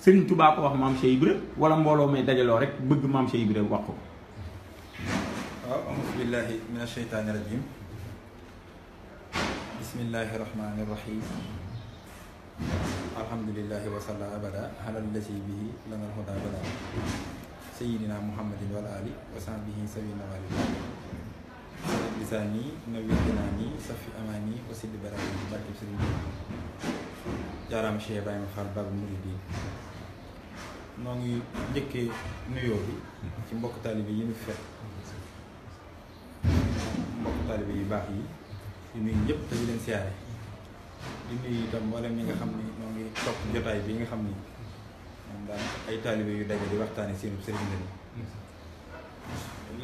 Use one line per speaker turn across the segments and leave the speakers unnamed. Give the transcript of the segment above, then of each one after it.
سرين توبا كو واخ مام شيخ ابراهيم ولا مbolo مي داجالو ريك بغ مام شيخ ابراهيم واخو اعوذ بالله من الشيطان الرجيم بسم الله الرحمن الرحيم الحمد لله وصلى ابدا على الذي به لنا الهدى ابدا سيدنا محمد وعلى اله وصحبه سيدنا والي لساني نبي ديناني صفي اماني وسيد براني بركي سيدي جارام شيخ ابراهيم خال باب مريدين noo ngi njëkkee nuyoo bi ci mbokk taalibe yi ñu fekk mbokk taalibe yu baax yi di nuyu ñëpp te di leen siyaare di nuyu itam mboolem ñi nga xam ni noo ngi topp jotaay bi nga xam ni moom daan ay taalibe yu daje di waxtaane seenu sëriñ lañu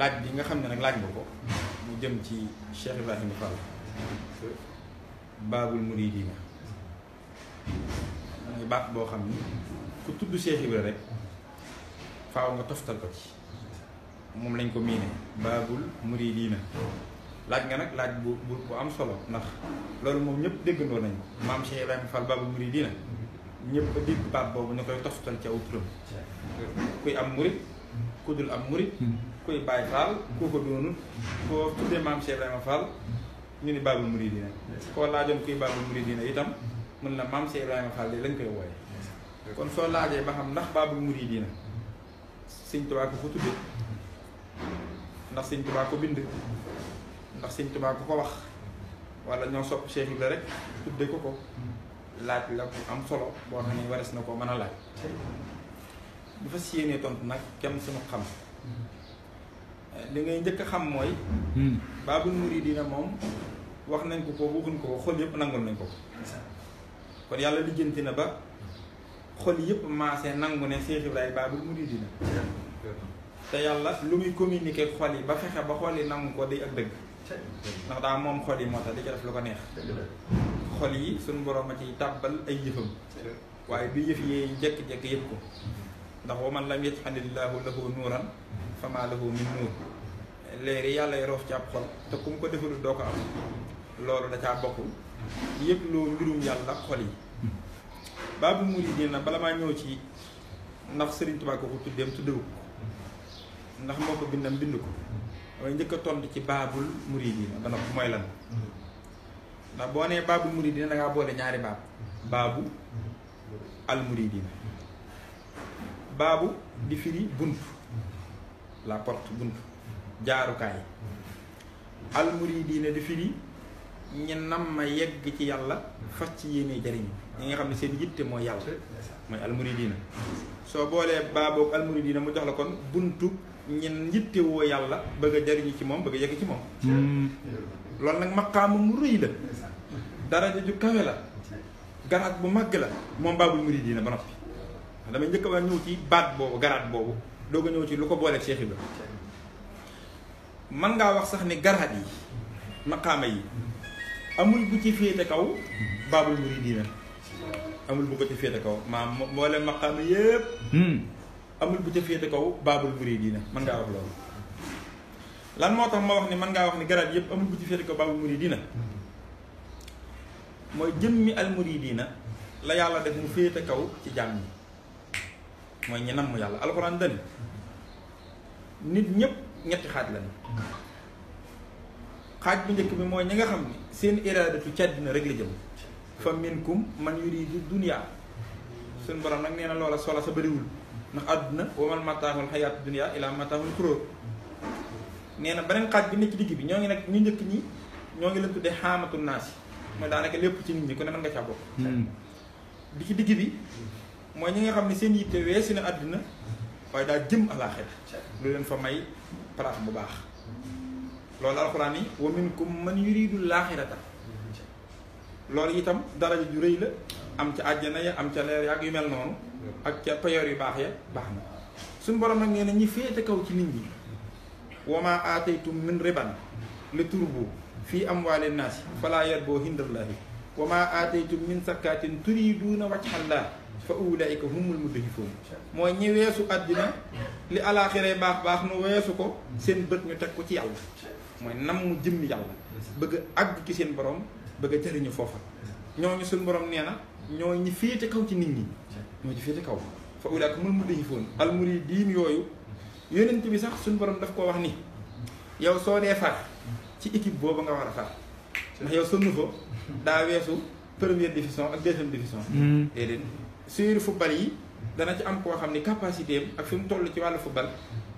laaj bi nga xam ne nag laaj nga ko mu jëm ci Cheikh Ibrahima Fall baabul muridiina mooy baat boo xam ni ku tudd Cheikh Ibra rek faaw nga toftal ko ci moom lañ ko miine baabul muridiina laaj nga nag laaj bu bu am solo ndax loolu moom ñëpp déggandoo nañ ko maam Cheikh Ibrahima Fall baabul muridiina ñëpp a dégg boobu ñu koy toftal ci aw turam kuy am murid ku dul am murid kuy Baay Fall koo ko doonul koo tuddee maam Cheikh ni baabul muridiina koo laajoon kuy baabul muridiina itam mën na maam Cheikh Ibrahima Fall de lañ koy wooye kon soo laajee ba xam ndax baabul muridiina sëñ Tuubaa ko ko tudde ndax sëñ tubaa ko bind ndax sëñ tubaa ko ko wax wala ñoo sopp Cheikh Ibra rek tudde ko ko laaj la ku am solo boo xam ne wares na ko man a laaj bu fas tontu nag kenn suñu xam li ngay njëkk xam mooy hmm. baabul muridiina moom wax nañ ko ko waxuñ ko ko xool yëpp nangul nañ ko ko kon yàlla lijjanti na ba xol yëpp maasee nangu ne Cheikh Ibrahima Babou Mouridina te yàlla lu muy communiquer xol yi ba fexe ba xol yi nangu ko day ak dëgg ndax daa moom xol yi moo tax di ci def lu ko neex xol yi suñ borom a ciy tàbbal ay yëfam waaye du yëf yee jekk-jekk yëpp ko ndax wa man lam yajxanillaahu lahu nuuran famaa lahu min nuur léeri yàlla y roof ci ab xol te ku mu ko defalu doo ko am loolu da caa bokkul yëpp loo mbirum yàlla xol yi baabu muridiina bala maa ñëw ci ndax Sëriñ Tuubaa ko ko tuddeem tuddewu ko ndax moo ko bindam bind ko waaye njëkk a tontu ci baabul muridiina ba noppi mooy lan ndax boo nee baabul muridiina da boole ñaari baab baabu al muridiina baabu di firi bunt la porte bunt jaarukaay al muridiina di firi ñi ma yegg ci yàlla fas ci yéene jariñu ñi nga xam ne seen yitte mooy yàlla mooy almuridina soo boolee baaboog almuridina mu jox la kon buntu ñen yitte woo yàlla bëgg a jariñu ci moom bëgg a yegg ci moom hmm. loolu nag maqaamu mu rëy la daraja ju kawe la garaat bu màgg la moom baabul muridina ba noppi damay njëkk a ñëw ci baat boobu garaat boobu doog a ñëw ci lu ko booleeg Cheikh Ibra man ngaa wax sax ni garaat yi maqaama yi amul bu ci féete kaw baabul muridina amul bu ko ci féete kaw maam mboolem maqaam yëpp. Hmm. amul bu ca féete kaw baabul muridiina man ngaa wax loolu. lan moo tax ma wax ni mën ngaa wax ni garaat yëpp amul bu ci féete kaw baabul muridiina mooy jëmmi al muridiina la yàlla def mu féete kaw ci jàmm yi mooy ñi namm yàlla alxuraan dani nit ñëpp ñetti xaaj lañu xaaj bu njëkk bi mooy ñi nga xam ni seen iraadatu càddina rek la jëm. fa minkum man yuridu dunya suñ borom nag nee na loola solo sa bariwul ndax àdduna wamal mataahul xayaatu dunya ila mataahul xuróor nee na beneen xaaj bi nekk ci digg bi ñoo ngi nag ñu njëkk ñi ñoo ngi leen tudde xaamatu naas yi mooy daanaka lépp ci nit ñi ku ne mën nga caa bokk hmm. bi ci digg bi mooy ñi nga xam ne seen yitte weesu na àdduna waaye daal jëm alaaxira lu leen fa may place bu baax loolu alxuraan yi wa minkum man yuridu laaxirata loolu itam daraja ju rëy la am ca àjjana ya am ca leer ya ak yu mel noonu ak ca payoor yu baax ya baax na suñ borom nag ngeen na ñi féete kaw ci nit ñi wama aataytum min riban li turbu fii am boo amwaali naasi falaa yarboo hindallahi wama aataytum na sakkaatin turiduuna laa fa ulaika humul mudhifuun mooy ñi weesu àddina li alaaxire baax baax nu weesu ko seen bët ñu teg ko ci yàlla mooy nam mu jëmm yàlla bëgg àgg ci seen borom bëgg a jëriñu foofa ñooñu suñu borom nee na ñoo ñi féete kaw ci nit ñi ñoo ci féete kaw fa ulaaka mul mu dañu foon almuri diin yooyu yonent bi sax suñu borom daf koo wax ni yow soo dee far ci équipe boobu nga war a far ndax yow sunu fa daa weesu première division ak deuxième division hmm. déedéet sur football yi dana ci am koo xam ni capacité ak fi mu toll ci wàllu football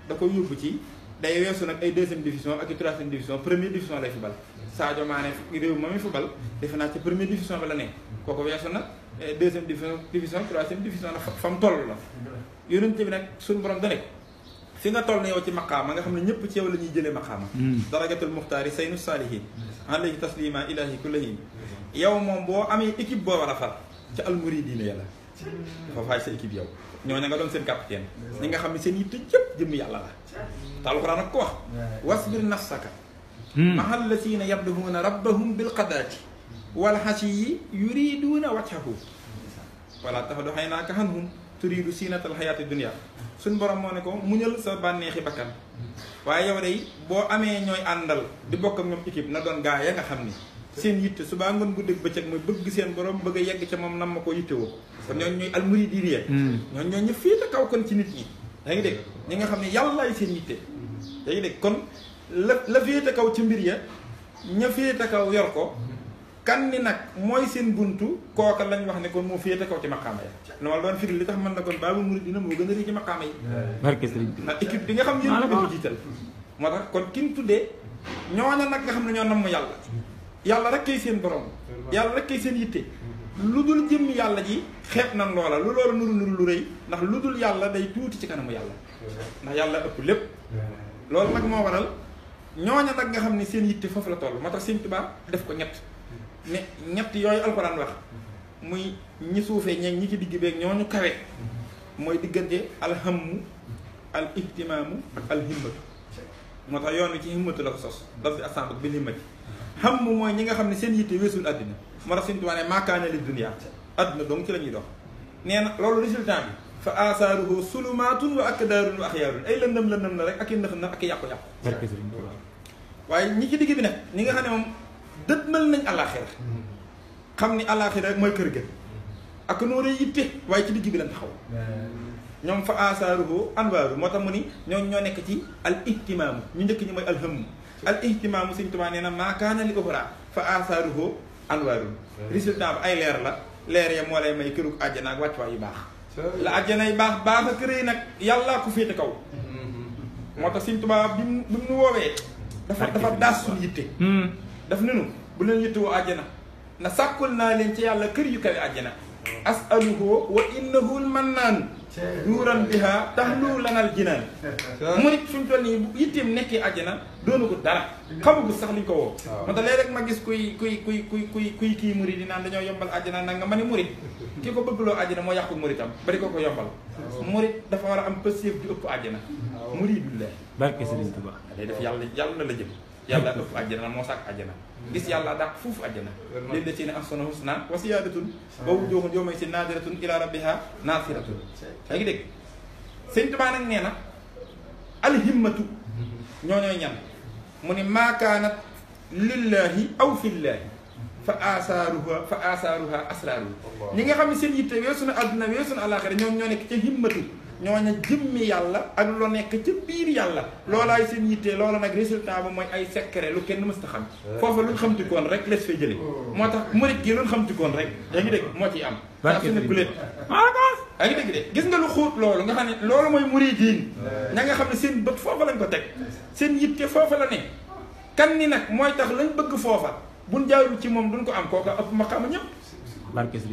da ko yóbbu ci day weesu nag ay deuxième division ak i troisième division lay fi bal Sadio réew ma mi fi defe naa ci première division ba la ne kooku weesu nag eh, deuxième division division troisième division la fa mu toll la yonent bi nag suñu borom da nekk fi nga toll na yow ci maqaama nga xam ne ñëpp ci yow la ñuy jëlee maqaama hmm. darajatul muxtaari saynu saalihin alayhi taslima ilahi kullahin yow moom boo amee équipe boo war a far ca almuridiina yàlla dafa faaj sa équipe ñoo ña nga doon seen capitaine ñi nga xam ne seen yitte yëpp jëm yàlla la te alxuraan ak ko wax hmm. wasbir nafsaka hmm. mahal lasina yabduhuuna rabbahum bilqadaati wal xasiyi yuriduuna wajhahu wala tax du xay naaka xanhum turiidu siinatal xayaati dunia suñ borom moo ne ko muñal sa bànneexi bakkan hmm. waaye yow day boo amee ñooy àndal di bokk ak ñoom na doon gaa ya nga xam ni seen yitte subaa ngoon guddeeg bëccëg mooy bëgg seen borom bëgg a yegg ca moom nam ma ko yittewoo kon ñooñu ñooy almuridiin ya. hmm. ñooñu ñooñu ñëpp fii te kaw kon ci nit ñi yaa ngi dégg ñi nga xam ne yàllaay seen yitte yaa ngi dégg kon la la kaw ci mbir ya ña féete kaw yor ko kan ni nag mooy seen buntu kooka lañ wax ne kon moo féete kaw ci maqaama ya na ma doon firi li tax mën na kon baabu muridina moo gën a ci maqaama yi barke sëriñ bi équipe bi nga xam yéen ko jiital moo kon kin tuddee ñoo na nag nga xam ne ñoo nam mu yàlla rek kay seen borom yàlla rek kay seen yitte lu dul jëm yàlla ji xeet nan loola lu loola nuru nuru lu rëy ndax lu dul yàlla day tuuti ci kanamu yàlla ndax yàlla ëpp lépp loolu nag moo waral ñooña nag nga xam ne seen yitte foofu la toll moo tax Sëñ Tuubaa def ko ñett ne ñett yooyu alxuraan wax muy ñi suufee ñeeg ñi ci digg beeg ñooñu kawe mooy diggante alhammu al ihtimaamu ak alhimmatu moo tax yoon wi ci himmatu la ko sos daf bi assemble bi himmati xam mooy ñi nga xam ne seen yitte weesul àddina moo tax suñu tubaab ne maakaana ci la ñuy dox nee na loolu résultat bi fa asaaruhu sulumaatun wa akdaarun wa axyaarun ay lëndëm lëndëm la rek ak i ndax ndax ak i yàqu waaye ñi ci digg bi nag ñi nga xam ne moom dëdmal nañ alaxira xam ni alaxira rek mooy kër gën ak noore yitte waaye ci digg bi lañ taxaw ñoom fa asaaruhu anwaaru moo tax mu ni ñoo ñoo nekk ci al ihtimaamu ñu njëkk ñi mooy al ihtimaamu Sëñ Tuubaa nee na maakaana li uxra fa asaaruhu anwaarun résultat bi ay leer la leer ya moo lay may kërug àjjana ak wàccuwaay yu baax la àjjana yu baax baax a kër yi nag yàllaa ko féete kaw moo tax Sëñ Tuubaa bi mu bi mu woowee dafa dafa daas suñu yitte hmm. daf nenu bu leen yitte woo àjjana na sàkkul naa leen ci yàlla kër yu kawe a hmm. asaluhu wa innahu l mannaanu nuuran biha tahlu lanal jinaan murit fi mu toll nii yitteem nekkee àjjana doonagu dara bu sax liñ ko woo moo tax léeg rek ma gis kuy kuy kuy kuy kuy kuy kii murit yi naan dañoo yombal àjjana nag nga ma ne murit ki ko bëggloo àjjana moo yàqu muritam bari ko ko yombal murit dafa war a am pëseef di ëpp àjjana murit bi la barke Sëriñ Tuubaa day def yàlla yàlla na la jëm yàlla ëpp àjjana àjjana gis yàlla dàq foofu àjjana lil la ci ne ahsanu husna wa ziyaadatun boobu jooxun joo may si naadiratun ila rabbiha naasiratun yaa ngi dégg sëñ Tuubaa nag nee alhimmatu ñoo ñooy ñan mu ni maa kaanat lillahi aw fillahi fa asaaruha fa asaaruha asraaru ñi nga xam ne seen yitte weesu na àdduna weesu na àllaaxira ñoo nekk ca himmatu ñooña jëmmi yàlla ak loo nekk ca biir yàlla loolaay seen yittee loola nag résultat ba mooy ay secret lu kenn mës ta xam eh. foofa luñ xamtikoon rek les fay jële oh. moo tax murit gi luñ xamtikoon rek yaa ngi dégg moo ciy am daa su ne guléet gis nga lu xóot loolu nga xam ne loolu mooy murit diin ña eh. nga xam ne seen bët foofa lañ ko teg seen yitte foofa la ne kan ni nag mooy tax lañ bëgg foofa buñ jaarul ci moom duñ ko am kooka ëpp ma xam ñëpp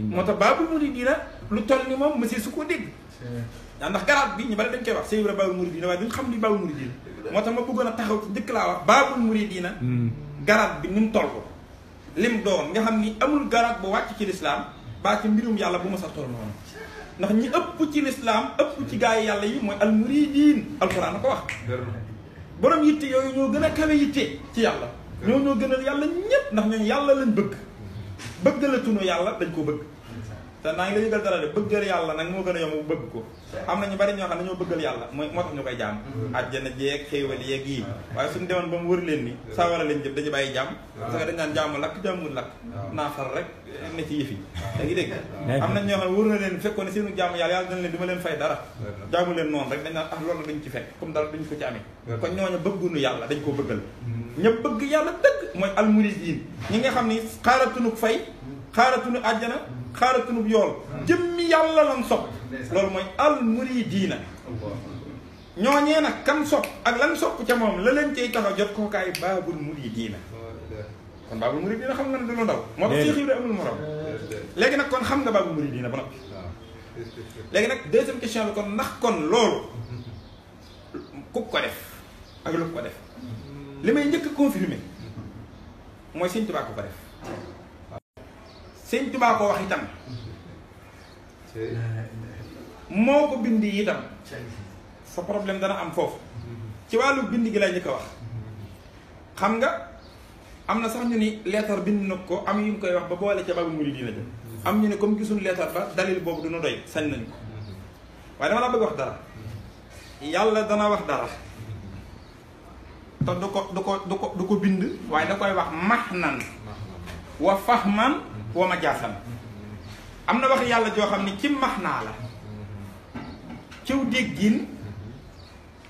moo tax baabul murit diina lu toll ni moom monsieur su ko dégg eh. daa ndax garaat ñu bari dañ koy wax Seydou Ibra baabul muridiina waaye a taxaw ci njëkk laa wax baabul muridiina hmm. bi ni mu toll ko lim doon nga xam ni amul garaat bu wàcc ci lislaam baa ci mbirum yàlla bu ma sa toll noonu ndax ñi ëpp ci lislaam ëpp ci gaa yi yàlla yi mooy al muridiin alxuraan na ko wax borom yitte yooyu ñoo gën a kawe yitte ci yàlla ñoo ñoo gënal yàlla ñépp ndax ñooñu yàlla lañ bëgg bëgg la tunu yàlla dañ ko bëgg te naa ngi la yëgal dara de bëggal yàlla nag moo gën a yomb bu bëgg ko am na ñu bari ñoo xam ne ñoo bëggal yàlla mooy moo tax ñu koy jàmm àjjana jeeg xéewal yeeg yii waaye suñu demoon ba mu war leen ni saa wala lañ jëm dañu bàyyi jàmm parce que dañ naan jàmm lakk jàmmul lakk naafal rek ne ci yëf yi da ngi dégg am na ñoo xam ne wër na leen fekkoon ne seenu jàmm yàlla yàlla dana leen du ma leen fay dara jaamu leen noonu rek dañ naan ah loolu dañ ci fekk comme dara duñ ko ci amee kon ñooñu bëgguñu yàlla dañ ko bëggal hmm. ña bëgg yàlla dëgg mooy almuridiin ñi nga xam ni xaaratuñu fay xaaratuñu àjjana xaaratunub yool jëmmi yàlla lan sopp loolu mooy al muridiina ñooñee nag kan sopp ak lan sopp ca moom la leen cay taxa jot kookaay baabul muridiina kon baabul muridiina xam nga ne dana daw moo tax Cheikh Ibra amul morom léegi nag kon xam nga baabul muridiina ba noppi léegi nag deuxième question bi kon ndax kon loolu ku ko def ak lu ko def mm-hmm. li may njëkk confirmer mooy Sëñ Tuubaa ku ko def sëñ Tuubaa ko wax itam moo ko bind itam sa problème dana am foofu ci wàllu bind gi la ñu ko wax xam nga am na sax ñu ni leetar bind na ko am yu ñu koy wax ba boole ca babu murid yi la jëm am ñu ne comme gisuñu leetar ba dalil boobu duna doy sañ nañ ko waaye dama la bëgg wax dara yàlla dana wax dara te du ko du ko du ko du ko bind waaye da koy wax max nan wa fax man wa ma jaasam am na wax yàlla joo xam ni ci max naa la ciw déggin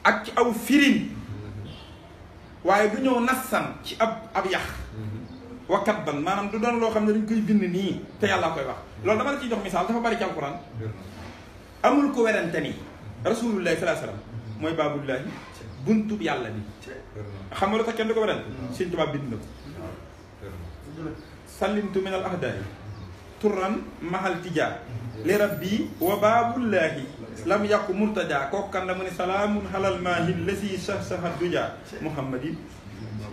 ak ci aw firin waaye du ñëw nassan ci ab ab yax wakkat ban maanaam du doon loo xam ne dañ koy bind nii te yàlla koy wax loolu dama la ciy jox misaal dafa bari ci alquran amul ko werante ni rasulullahi salaa sallam mooy baabullahi buntub yàlla bi xam nga lu tax kenn du ko werante sëñ tubaab bind na ko sallimtu min al ahdahi turran mahal tija li rabbi wa baabullahi lam yàqu murtaja kooku kan la mu ne salaamun halal maahi lasi sah saha duja muhammadin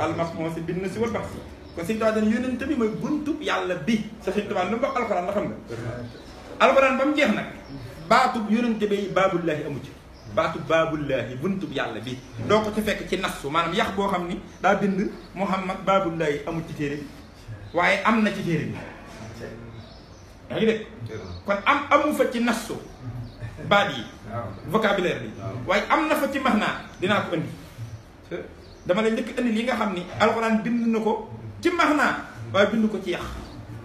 almasmosi bin na si wal baxsi kon sëñ bi mooy buntub yàlla bi sa sëñ Tuubaa lu mu wax alxuraan la xam ba mu baabullahi amu ci baatub baabullahi buntub yàlla bi doo ci fekk ci nasu maanaam yàq boo xam ni daa bind muhammad baabullahi amu ci téere waaye am na ci téere bi yaa ngi kon am amu fa ci nastu baat yi vocabulaire bi waaye am na fa ci max naa dinaa ko indi dama la njëkk indi yi nga xam ni alxuraan bind na ko ci max naa waaye bind ko ci yax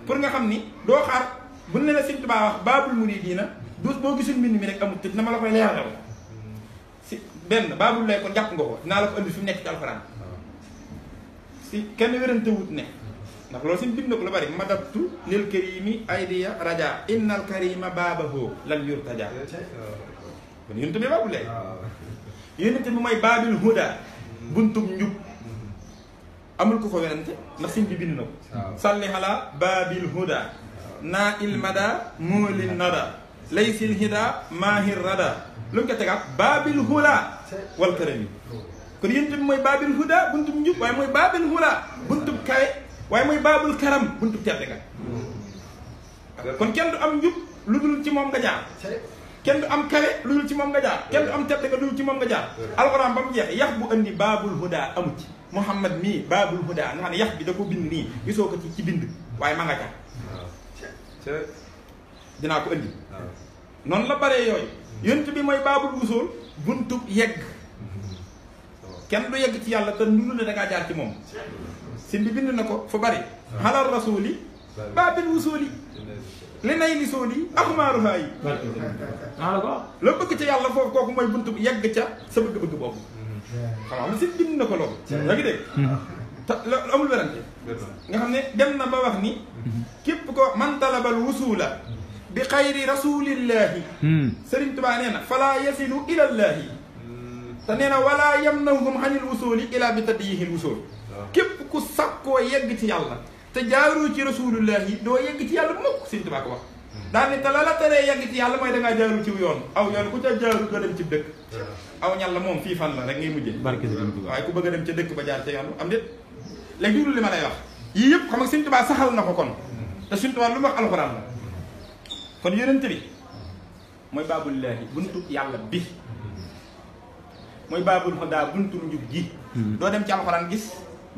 pour nga xam ni doo xaar bu ne la Sëñ wax baabul muriidiina duus boo gisul mbind mi rek amul tëj na ma la koy leeral si benn baabul lay ko jàpp nga ko dinaa la ko indi fi nekk ci alxuraan si kenn wérante ne ndax loolu seen bind na ko lu bari madatu lil karimi aydiya raja innal karima baabahu lan yurtaja kon yonent bi baabu lay yonent bi mooy baabil huda buntub njub amul ko ko werante ndax sëñ bi bind na
ko
baabil huda naa il mada muulin nada laysil hida maahir rada lu mu baabil huda wal karami kon yonent bi mooy baabil huda buntub njub waaye mooy baabil huda buntub kawe waaye mooy baabul karam buntu tedd nga mm. kon kenn du am njub lu dul ci moom nga jaar kenn du am kawe lu dul ci moom nga jaar kenn du am tedd nga lu dul ci moom nga jaar alxuraan ba mu jeex yax bu andi baabul huda amu ci muhammad mii baabul huda nga xam ne yax bi da ko bind nii gisoo ko ci ci bind waaye ma nga jaar ah. dinaa ko andi ah. noonu la bare yooyu yonent bi mooy baabul wusool buntub yegg kenn du yegg ci yàlla te lu ne da jaar ci moom sëñ bi na ko fu bari xalal rasuuli baabil wusuuli li nay li sooli axmaaruhaa yi la bëgg ca yàlla foofu kooku mooy buntu yegg ca sa bëgg-bëgg boobu xam nga sëñ bind na ko loolu yaa ngi dégg te loolu amul nga xam ne dem na ba wax ni képp ko man talabal wusuula bi xayri rasulillahi hmm. sëriñ Tubaa nee na falaa yasilu ilallaahi te nee na wala yamnahum xanil usuli ila bi taddiyihil usul képp ku sakkoo yegg ci yàlla te jaaroo ci rasulullah yi doo yegg ci yàlla mukk sëñ Tuubaa ko wax hmm. daal ni te la la teree yegg ci yàlla mooy dangaa jaaru ci yoon aw yoon ku ca jaaru doo dem ci dëkk aw ñal la moom fii fan la rek ngay mujjee waaye ku bëgg dem ca dëkk ba jaar ca yoon am déet léegi déglu li ma lay wax yii yëpp xam nga sëñ Tuubaa saxal na ko kon hmm. te sëñ Tuubaa lu mu wax alxuraan la hmm. kon yonent bi mooy baabullaahi buntu yàlla bi mooy baabul huda buntum njub gi hmm. doo dem ci alxuraan gis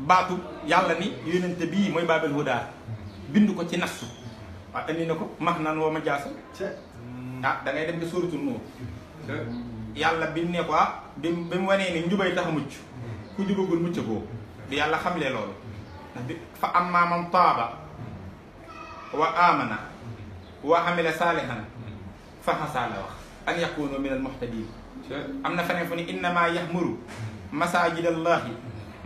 baatu yàlla ni yónnente bii mooy baabul huda bind ko ci nassu waaw indi na ko max naan woo ma jaasa ah da ngay dem ci suuratul nuur yàlla bi ne ah, bi mu wanee ni njubay tax mucc ku jubagul mucc koo di yàlla xamle loolu fa ammaa man taaba wa amana wa amila saalihan fa xasaa la wax an yakunu min al amna na feneen inna ma yahmuru masajid allah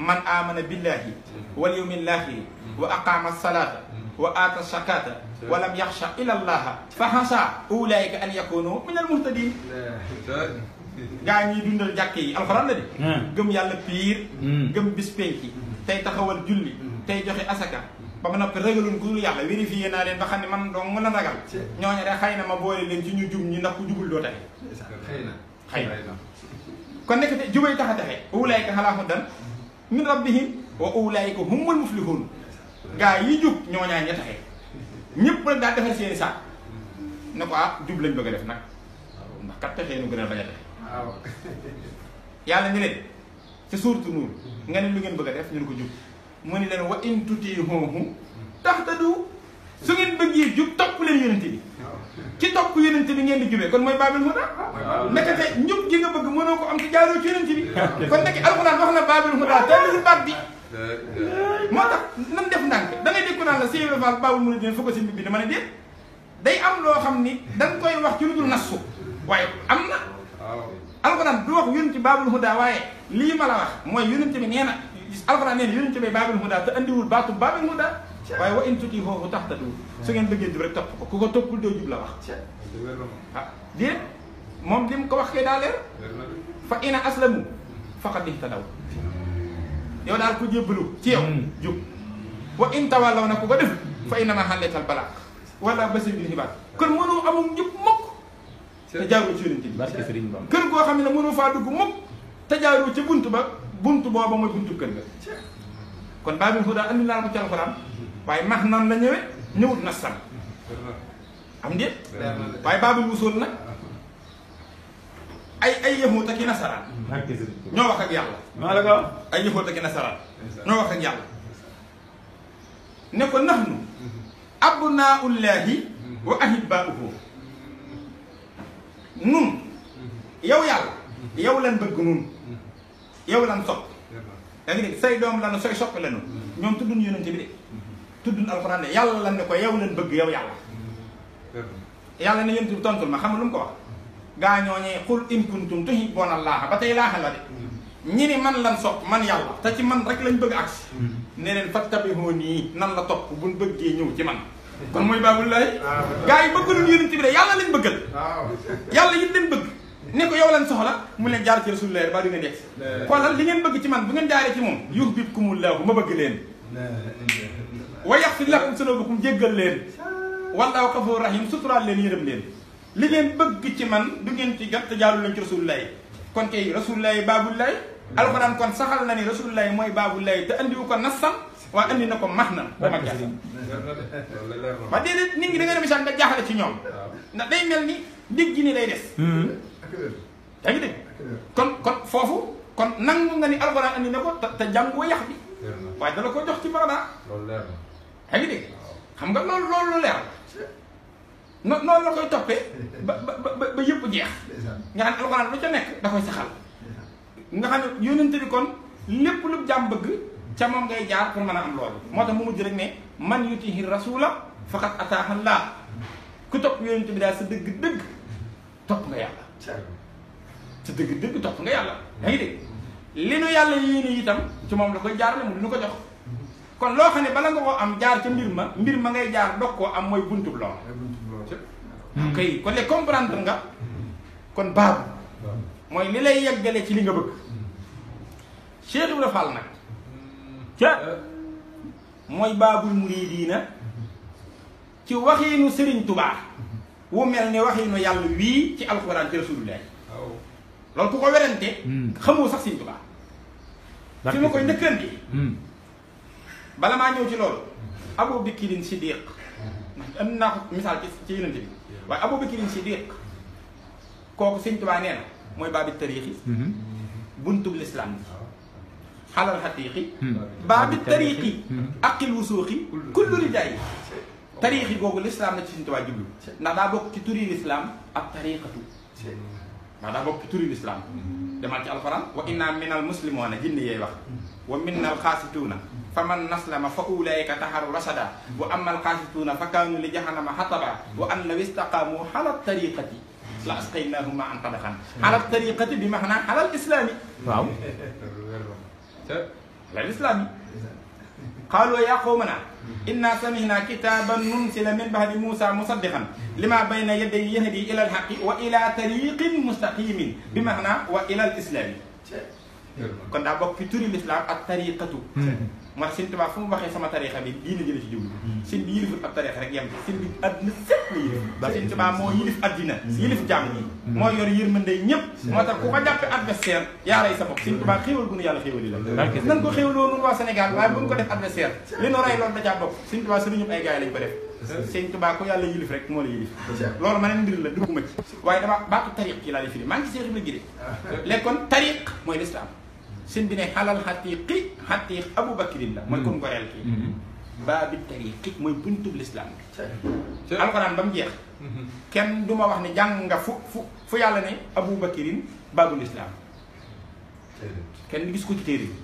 man amana billahi wal yawmil akhir wa aqama as salata wa ata as zakata wa lam yakhsha illa allah fa hasa ulaika an yakunu min al muhtadin gañi dundal jakki alquran la di gëm yàlla pir gëm bis penki tey taxawal julli tay joxe asaka ba ma noppi ragalun ku dul yàlla vérifié na len ba xam man do mën a ragal ñoñu re xayna ma boole len ci ñu jum ñi nakku ku jubul doo tey
xëy xëy
kon nekk jubay tax a texe ulaayka alaa hudan min rabbihim wa ulaayka humul muflihun gaa yi jub ñoo ñaa ña taxe ñëpp nag daa defar seeni saak ne ko ah jub lañ bëgg a def nag ndax kat texee nu gën a bañ a texe yàlla ñu leen ci suurtu Nuur nga ne lu ngeen bëgg a def ñu ne ko jub mu ne leen wa in tutiihuuhu tahtadu su ngeen bëggee jub topp leen yonent bi ci topp yonent bi ngeen di jubee kon mooy baabil huda nekkate njub ki nga bëgg mënoo ko am te jaaroo ci yonent bi kon nekk alxuraan wax na baabil huda te bi moo tax nan def ndànk da ngay dégg ko naan la Sëriñ Fall Baabul Muridiin foo am loo xam ni dañ koy wax ci lu dul nasu waaye am na alxuraan du wax yonent bi baabul huda waaye lii ma la wax mooy yonent bi nee na alxuraan nee na yonent bi baabul huda te andiwul baatu baabul huda waaye wa in tuuti foofu tax te du su ngeen bëggee jub rek topp ko ku ko toppul jub la wax. ah lii moom li mu ko wax kay daa leer. fa ina aslamu faqad ihtadaw yow daal ku jébbalu ci yow. Hmm. jub wa in tawallaw na ku ko def. fa innama xàlletal balaa wala basi bi xibaar kon mënoo amum ñëpp mukk te jaaroo ci yonent bi kër goo xam ne mënoo faa dugg mukk te jaaroo ca bunt ba bunt booba mooy buntu kër ga kon baa min hudaa andi naa ko ci waaye max nan la ñëwee ñëwut nasab am déet waaye baabul wusul nag ay ay yahuut ak i nasaraan ñoo wax ak yàlla maa la ko wax ay yahuut ak i nasaraan ñoo wax ak yàlla ne ko nahnu abnaullahi wa nun yow yàlla yow lan bëgg nun yow lan sopp yaa ngi dégg say doom lanu say sopp lanu ñoom tudduñu yonente bi tuddul alxuraan ne yàlla lan ne ko yow leen bëgg yow yàlla yàlla ne yonent bi tontul ma xam lu mu ko wax gaa ñooñee qul in kuntum tuhibbuuna ba tey laaxa la de ñi ni man lan so man yàlla te ci man rek lañ bëgg agsi ne leen fattabihuunii nan la topp buñ bëggee ñëw ci man kon mooy baabullahi gaa yi bëggaluñ yonent bi de yàlla lañ bëggal yàlla it leen bëgg ne ko yow lan soxla mu leen jaar ci rasulullah ba di ngeen yegg xoolal li ngeen bëgg ci man bu ngeen jaar ci moom yuhbibkumullaahu ma bëgg leen la wa yaxfir lakum sunubakum jéggal leen wallaahu kafuur rahim suturaal leen yërëm leen li ngeen bëgg ci man du ngeen ci jot te jaaru leen ci rasulullahi kon kay rasulullahi baabullahi alxuraan kon saxal na ni rasulullahi mooy baabullahi te andiwu ko nassan waa andi na ko max na ba mag jaaxle waaw déedéet nit ñi nga dem sax nga jaaxle ci ñoom ndax day mel ni dégg ni day des hmm. yaa ngi dégg kon kon foofu kon nangu nga ni alxuraan andi na ko te jàngu yax bi waaye dala ko jox ci
maanaa
yaa ngi xam nga loolu loolu lu leer la noonu la koy toppee ba ba ba yëpp jeex nga xam ne lu ca nekk da koy saxal nga xam ne yónnante bi kon lépp lu jàmm bëgg ca moom ngay jaar pour mën a am loolu moo tax mu mujj rek ne man yutihi rasula faqat ataaha Allah ku topp yónnante bi daal sa dëgg-dëgg topp nga yàlla sa dëgg-dëgg topp nga yàlla yaa ngi li nu yàlla yéene itam ci moom la koy jaarale mu du ñu ko jox kon loo xam ne bala nga koo am jaar ca mbir ma mbir ma ngay jaar dog koo am mooy buntub lool hmm. kay kon nga kon baabu mooy li lay yeggale ci li nga bëgg Cheikh Ibra Fall nag ca mooy baabul muridiina ci waxiinu Serigne Touba wu mel ni waxiinu yàlla wii ci alxuraan ci rasulullaahi loolu ku ko werante hmm. xamoo sax Serigne fi ma koy nëkkandi hmm. bala ma ñëw ci lool abou bikirin sidiq amna misal ci ci yonent bi way abou bikirin sidiq koku seigne touba nee moy mooy tariikhi buntu buntub lislaam bi xalal xatiixi baabi aqil wusuqi kullu rijaay tariikhi gogu l'islam na ci seigne touba jublu ndax da bok ci turi l'islam ak tariixatu ndax da bok ci turi l'islam demal ci alxuraan wa inna minal muslimoona jinni yey wax wa minnal xaasituuna fa man naslama fa ulaayika taxaru rasada wa amal xaasituuna fa kaanu li jahannama xataba wa an law istaqaamu ala tariqati la asqaynaahum maa an qadaxan ala tariqati bi maanaa ala islaami waaw ala islaami qaalu yaa qawmanaa إنا سمعنا كتابا ننزل من بعد موسى مصدقا لما بين يدي يهدي إلى الحق وإلى طريق مستقيم بمعنى وإلى الإسلام كنا بقى في الإسلام الطريقة man sëñ Tuubaa fu mu waxee sama tariixa bi diine ji la ci jublu hmm. sëñ bi yiliful yilif sëñ Tuubaa yilif àddina hmm. yilif jàmm yi hmm. moo yor yërmande ñëpp moo tax ku ko jàppe adversaire yaa rey sa bopp sëñ Tuubaa xéewal gu nu la nan ko yilif loolu ma ne ndir la dugguma ci waaye dama baatu tariq yi laa lay firi maa ngi Seex Ibra gi de léegi tariq mooy lislaam sëñ bi ne xalal xatiiqi xatiiq Abu Bakrin la. mooy comme mm-hmm. goreel kii. Mm-hmm. baabi tariqi mooy buntub lislaam bi. alxuraan ba mu jeex. Mm-hmm. kenn du ma wax ni jàng nga fu fu fu yàlla ne Abu Bakrin baabul islaam. kenn gis ko ci téere yi.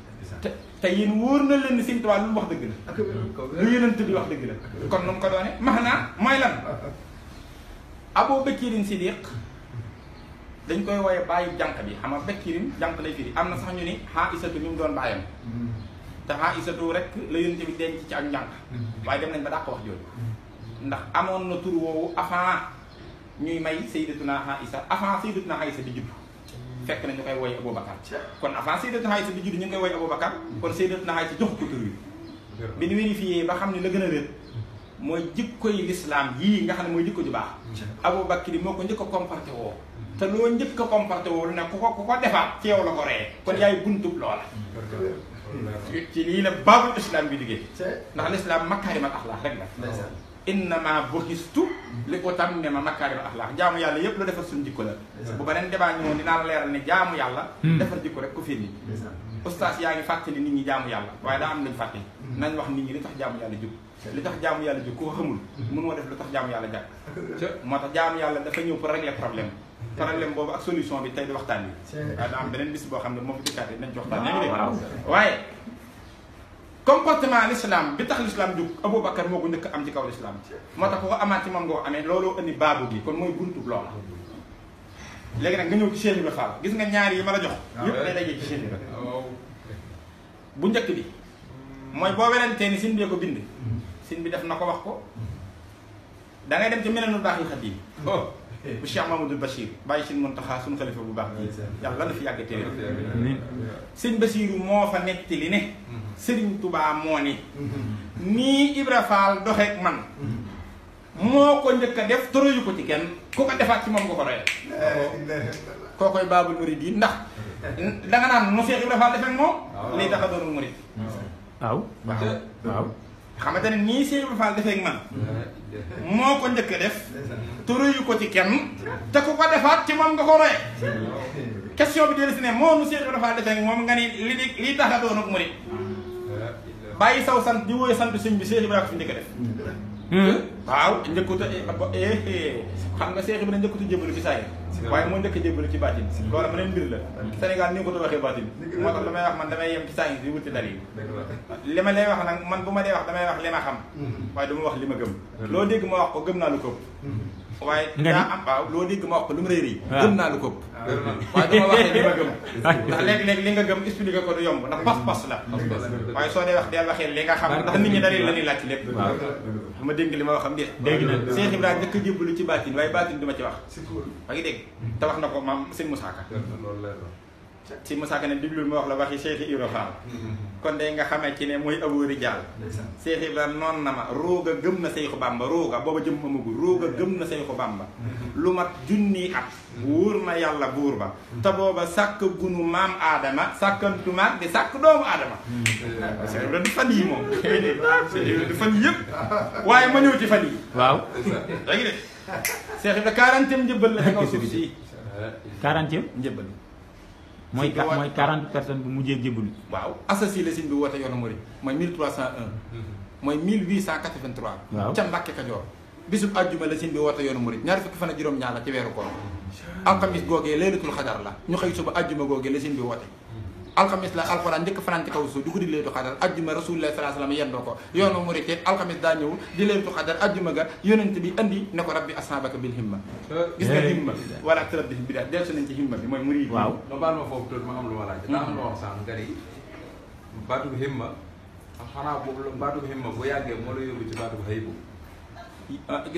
te te yéen wóor na leen ne sëñ Tuubaa lu mu wax dëgg la. lu yonent bi wax dëgg la. kon nu ko doone max naa mooy lan. Abu Bakrin Sidiq dañ koy wooye bàyyi jànq bi xam nga bekkirim jànq lay firi am na sax ñu ni xaa isatu mi mu doon bàyyam te xaa isatu rek la yonent bi denc ci ak njànq mm-hmm. waaye dem nañ ba dàq wax jooju ndax amoon na tur woowu avant ñuy may sayyidatuna xaa isa avant sayyidatuna xaa isa di judd fekk na ñu koy kon avant sayyidatuna xaa ñu ngi koy wooye Aboubacar kon sayyidatuna xaa isa jox ko tur yi bi ñu vérifié ba xam ne la gën a réer mooy jikkoy lislaam yii nga xam ne mooy jikko ju baax Aboubacar yi moo ko njëkk a comporté woo te loo njëkk a comporté woo ne ku ko ku ko defaat ci yow la ko reyee kon yaay buntub loola ci lii la baabul islam bi liggéey ndax l'islam makaarimal axlaax rek la innama buxistu li utammima makaarimal axlaax jaamu yàlla yëpp la defar suñu jikko la bu beneen débat ñëwoon dinaa la leeral ne jaamu yàlla hmm. defar jikko rek ku fi ni ustaas yaa ngi fàttali nit ñi jaamu yàlla waaye daa am nañ fàtte hmm. nañ wax nit ñi li tax jaamu yàlla jub li tax jaamu yàlla jub koo xamul hmm. mënoo def lu tax jaamu yàlla jàpp moo yàlla dafa ñëw pour régler problème boobu ak solution bi tey di waxtaan bi waaye da am beneen bis boo xam ne moo fi dikkaat yi nañ ci ah, waxtaan bi tax l'islam jug Aboubacar moo ko njëkk am ci kaw l'islam moo tax ko amaat ci moom nga amee looloo indi baabu gi kon mooy buntu loola léegi nag nga ñëw ci Cheikh Ibra Fall gis nga ñaar yi ma la jox ah, yëpp day ah, bu njëkk bi mooy boo werantee ni sin bee ko bind mm. sin bi def na ko wax ko da ngay dem ci melenu baax yu xadim bu Cheikh Mamadou Bachir bàyyi sin Muntaxa suñu xalifa bu baax ji yàlla na fi yàgg téere sëñ Bachiru moo fa netti li ne sëriñ Tubaa moo ni nii Ibra Faal doxeek man moo ko njëkk a def toroyu ko ci kenn ku ko defaat ci moom nga ko royal koo koy baabul muriid ndax danga naan nu Cheikh Ibra Faal defeek moom lii tax a murid
waaw waaw
xamante ne nii Cheikh Ibra Fall defee ak man moo ko njëkk def te rëyu ko ci kenn te ku ko defaat ci moom nga ko roye question bi dellu si ne moomu Cheikh Ibra Fall defee ak moom nga ni li di lii tax a doon ak murit bàyyi saw sant di woy sant sëñ bi Cheikh Ibra ko fi njëkk def waaw njëkkut eh, a eh, eh. xam nga seex bi na njëkkut a jébalu ci saay waaye moo njëkk a jébalu ci baatin loolu beneen mbir la Sénégal ni ko doon waxee baatin moo tax damay wax man damay yem ci saa yi di wuti dal yi li ma lay wax nag man bu ma dee wax damay wax li ma xam waaye du ma wax li ma gëm loo dégg ma wax ko gëm naa lu ko waaye daa am waaw loo dégg ma wax ko lu mu réer yi gëm naa lu këpp ah, waaye dama waxee li ma gëm ndax léeg-léeg li nga gëm expliqué ko du yomb ndax pas-pas la waaye soo dee wax deel waxee li nga xam ndax nit ñi dalil la ñuy laaj lépp ma dégg li ma wax am déet dégg na Cheikh Ibrahima njëkk a jébbalu ci baatin waaye baatin du ma ci wax maa ngi dégg te wax na ko maam sëñ Moussa si Moussa Ka ne diglul ma wax la waxi Cheikh Ibra Fall kon day nga xamee ci ne mooy Abu Rijaal Cheikh Ibra noon na ma ruuga gëm na Seyxu Bàmba ruuga booba jëm amagul ruuga gëm na Seyxu Bàmba lu mat junni at wóor na yàlla buur ba te booba sàkk gunu maam aadama sàkkantumaat di sàkk doomu aadama Cheikh Ibra du fan yi moom Cheikh Ibra du fan yi yëpp waaye ma ñëw ci fan yi waaw da de Cheikh Ibra quarantième njëbbal la kaw suuf si quarantième njëbbal mooy mooy 40 personnes bu mujjee jébbalu waaw asasi la sëñ bi woote yoonu Mouride mooy 1301. Mm-hmm. mooy 1883. waaw ca Mbàkke Kajoor bisub àjjuma la sëñ bi woote yoonu Mouride ñaar fukki fan ak juróom-ñaar la ci weeru koor alxamis googee laylatul xadar la ñu xëy suba àjjuma googee la sëñ bi woote alxamis la alxuraan njëkk fanaan ci kaw suuf di guddi leetu xadar ajjuma rasulullah sallallahu alayhi wasallam yendoo ko yoonu murit it alxamis daa ñëw di leetu xadar ajjuma ga yonent bi andi ne ko rabbi asabaka bil himma gis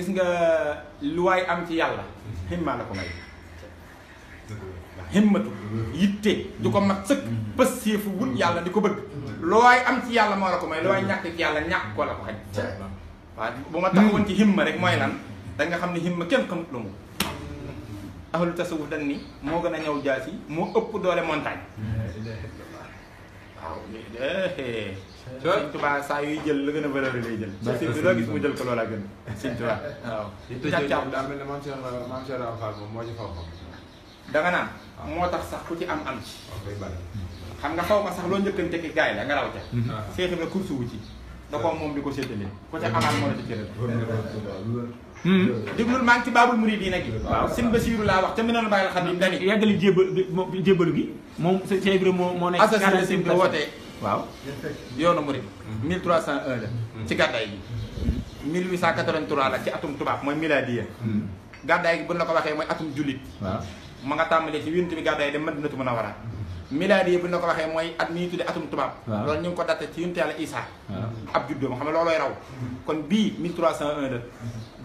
nga lu ma am ci yàlla himma la ko may himmatu yitte du ko mat sëkk pëssifu wut yàlla di ko bëgg looy am ci yàlla moo la ko may looy ñàkk ci yàlla ñàkk ko la ko xaj waaw bu ma taxawoon ci himma rek mooy lan da nga xam ne himma kenn xamut lu mu ahlu tasawuf dañ ni moo gën a ñëw jaas yi moo ëpp doole montagne waaw sëñ Tuba saa yuy jël la valeur lay jël. gis mu jël ko gën waaw. ci dengan naan moo tax sax ku ci am am ci xam nga xaw sax loo njëkkante ki gaay la nga raw kursu mhm. ah. wu ci da ko moom di ko séddale ku ca la ci cëral hmm. déglul maa ngi ci baabul murid yi nag yi waaw sin wax te la dani yàggali jébbal jébbalu gi moom Cheikh Ibra moo moo nekk asasine sim bi wootee waaw yoonu murid 1301 mhm. la mhm. ci gàddaay gi 1883 la ci atum tubaab mooy miladiya gàddaay gi bu la ko atum waaw ma nga tàmbalee ci yonent bi gàddaay dem Madinatu Munawwara milaadi yi bu ñu la waxee mooy at mi ñu tudde tubaab loolu ñu ngi ko datte ci yonent yàlla Isaa ab juddoom xam loolooy raw kon bii 1301 la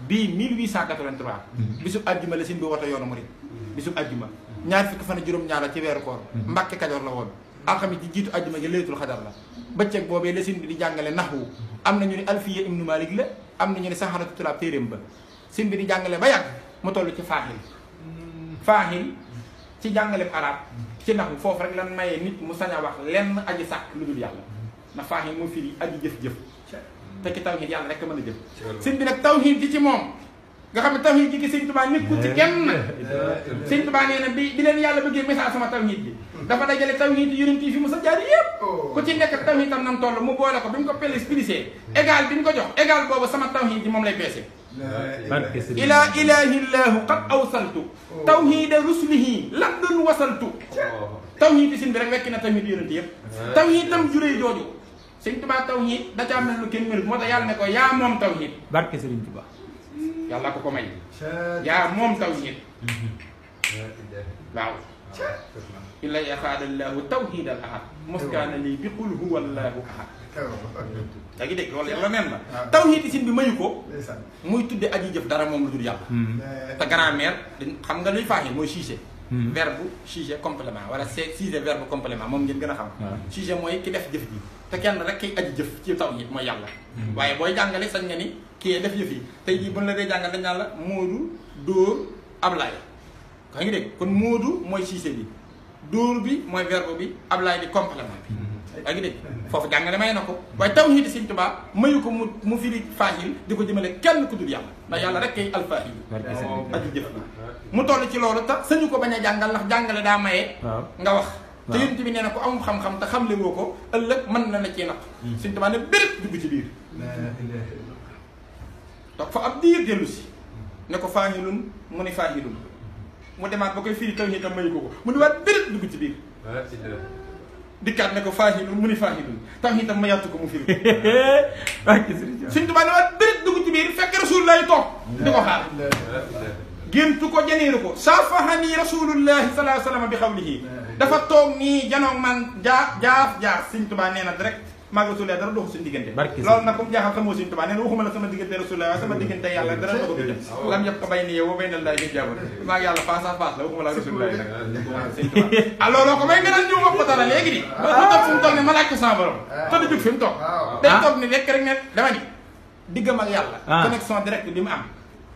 bii 1883 mm-hmm. bisub àjjuma la sin bi woote yoonu murid bisub àjjuma ñaar fukki fan juróom-ñaar la ci weeru koor mm-hmm. Mbàkke Kajoor la woon alxamis ji jiitu àjjuma gi laylatul xadar la bëccëg boobee la sin bi di jàngale am na ñu ne alfiya ibnu malik la am na ñu ne saxaratu ba bi di jàngale ba yàgg mu toll ci faaxil faaxin ci jàngale jàngaleem arab ci naxu foofu rek lan mayee nit mu sañ a wax lenn aji sàkk lu dul yàlla na faaxin moo firi aji jëf-jëf te ki tawxiid yàlla rek mën a jëf sëñ bi nag tawxiid ji ci moom nga xam ne tawxiid ji ki sëñ tubaa nekkul ci kenn eh, eh, eh, sëñ tubaa nee na bi bi leen yàlla bëggee message sama tawxiid bi dafa dajale tawxiid yi yonent yi fi mu sa jaar yëpp oh. ku ci nekk tawxiid tam nam mu boole ko bi mu ko plis plisee hmm. égal bi ñu ko jox égal boobu sama tawxiid ji moom lay peese ilaa ilahi llahu qad awsaltu oh. tawhida rusulihi labdun wasaltu oh. tawhid sin bi rek wekk na tamit yonent yëpp eh. tawhid tam juree jooju sëñ Tuubaa tawhid da ca am na lu kenn mënut moo tax yàlla ne ko yaa moom tawhid barke sëriñ Tuubaa yàlla ko ko may yaa moom tawhid mm-hmm. waaw illay afaadallahu tawhid al ahad moskaana lii bi qul huwa allahu ahad yaa ngi dégg loolu yàlla nen na ah. tawhid isin bi mayu ko muy tudde aji jëf dara moom lu dul yàlla hmm. eh. te grammaire xam nga luy faaxee mooy sujet hmm. verbe sujet complément wala sujet verbe complément moom ngeen gën a xam ah. sujet mooy ki def jëf ji te kenn rek kay aji jëf ci tawhid mooy yàlla hmm. waaye booy jàngale sañ nga ni kii def jëf yi tey jii bu la dee jàngal dañ naan la Moodu Dóor Ablaye yaa ngi dégg kon Moodu mooy Cissé bi dóor bi mooy verbe bi Ablaye di complément bi mm-hmm. yaa ngi dégg foofu jàngale may na ko waaye tawhiid Sëñ Tuubaa mayu ko mu mu firi faahil di ko jëmale kenn ku dul yàlla ndax yàlla rek kay alfaahil aji jëf mu toll ci loolu tax sañu ko bañ a jàngal ndax jàngale daa maye nga wax te yonent bi nee na ko amum xam-xam te xamle woo ko ëllëg mën na la ci naq mm. Sëñ Tuubaa ne béréb dugg ci biir toog fa ab diir dellu si ko faahilun mu mu demaat ba koy firi taw itam mayu ko ko mu diwaat béréb dugg ci biir. dikkaat ne ko faahidun mu ni faahidun taw itam ma yàttu ko mu firi ko. suñ tubaab diwaat béréb dugg ci biir fekk rasulullahi toog di ko xaar. géntu ko janiiru ko saafahani rasulullahi sallallahu alayhi wa sallam bi xawlihi dafa toog nii janoog man jaa jaaf jaaf suñ tubaab nee na direct. maag rasulullah dara doxul suñu diggante loolu nag comme jaaxal xamoo suñu tubaab nee na waxuma la sama diggante rasulullah waaye sama diggante yàlla dara doxul dem lam yëpp ko bay nii yow boo bay na laay fi jàppal maag yàlla face à face la waxuma la rasulullah nag suñu tubaab ah looloo ko may nga naan ñëw wax ko dara léegi di ba mu toog fu mu toll ne ma laaj ko sama borom te du jóg fi mu toog day toog ni nekk rek ne dama ni diggam ak yàlla ah. connexion directe bi mu am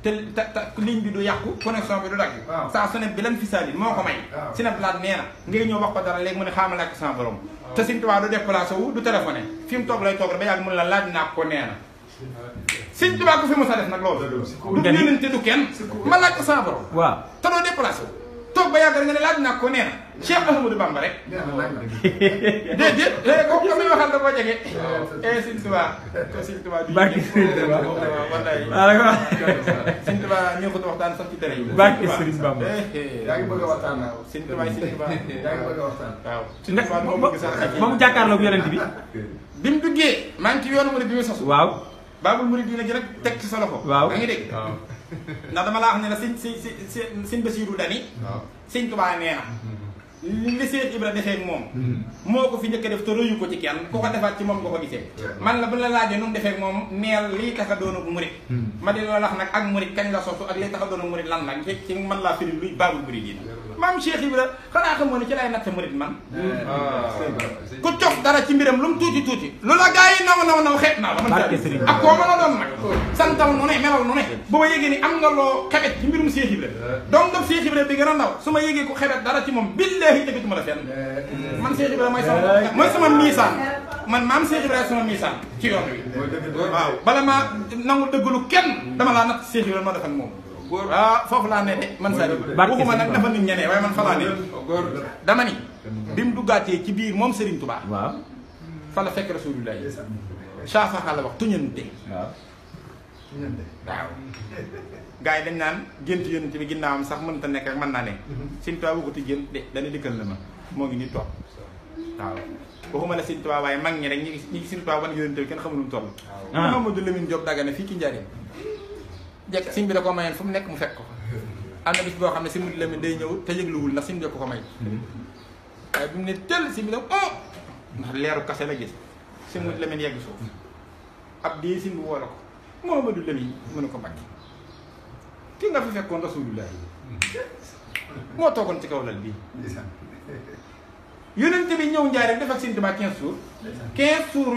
te te ligne bi du yàqu connexion bi du dagg saa su ne bi lan fi moo ko may si na blaat nee na ngay ñëw wax ko dara léegi mu ne xaamal ak sama borom te Sëñ Tuubaa du déplacé wu du téléphoné fi mu toog lay toog rek ba yàgg mu la laaj naa ko nee na Sëñ ko fi mos a def nag loolu du yonente du kenn ma laaj ko sama borom waaw doo déplacé wu toog ba yàgg rek nga ne laaj naa ko nee na Cheikh da koo eh, jege. eh Sëñ Tuubaa ko Sëñ Tuubaa di. bàkki Sëñ Tuubaa waaw Sëñ Tuubaa ñu ko waxtaan sax ci tere yi. bàkki Sëñ Bamba. Eh, eh, yaa ngi bëgg a waxtaan waaw Sëñ Tuubaa Sëñ a waxtaan. waaw Sëñ Tuubaa moom gis naa moom jàkkaarloog yonent bi. bi mu duggee maa ngi ci yoonu murid bi mu ba waaw Baabul Muridiina gi rek teg ci sa loxo. waaw ndax dama laa am ne la sëñ sëñ sëñ sëñ Basiiru dani sëñ Tuubaa nee na
mm-hmm.
li Seex Ibra defee moom mm-hmm. moo ko fi njëkk def te rëyu ko ci kenn ku ko mm-hmm. defaat ci moom ko ko gisee man la bu la laajee nu mu defee moom neel lii tax a doonub murit ma di la wax nag ak murit kañ la sosu ak lii tax a doonub murit lan la ci man laa firi luy baabul murit yi maam Cheikh Ibra xanaa xamoon ne ci lay natt murit man. Eh, ah. ku cof dara ci mbiram lu mu tuuti tuuti. lu la gars yi naw naw naw la. ak koo mën a doon nag. santaw nu ne melal ni am nga loo xebet ci mbirum Cheikh Ibra. donc eh. donc Cheikh Ibra ma yégee ko xebet dara ci moom billaahi tegatuma la fenn. Eh. man Cheikh mooy sama mooy miisaan man maam Cheikh Ibra sama miisaan ci yoon wi. waaw bala maa nangu dëggalu kenn dama laa natt Cheikh Ibra ma def ak moom ah foofu laa ne de man saa di dafa nit ñeneen waaye man fa laa ne dama ni bi mu duggaatee ci biir moom Serigne Touba waaw fa la fekk rasulullah yi saafaxa la wax tuñante waaw waaw gars yi dañ naan gént yonent bi ginnaawam sax mënta nekk ak mën naa ne mhm. Serigne Touba bëggutu gént de dana dikkal na ma moo ngi nii toog waaw waxuma la Serigne Touba waaye mag ñi rek ñi ngi Serigne Touba wan yonent bi kenn xamul lu mu toll ah. Mamadou Lamine Diop Dagana fii ci Njaaréem jekk siñ bi da ko mayoon fu mu nekk mu fekk ko am na bis boo xam ne si mudi la day ñëw te yëgluwul ndax siñ bi da ko ko may waaye bi mu ne tëll siñ bi la oh ndax leeru kase la gis si mudi la yegg suuf ab dee siñ bi woo la ko Mouhamadou Lamine mën a ko mbagg ki nga fi fekkoon rasulullah mm-hmm. moo toogoon ci kaw lal bii yonente bi ñëw njaareem def ak Sëñ Tuubaa 15 jours. 15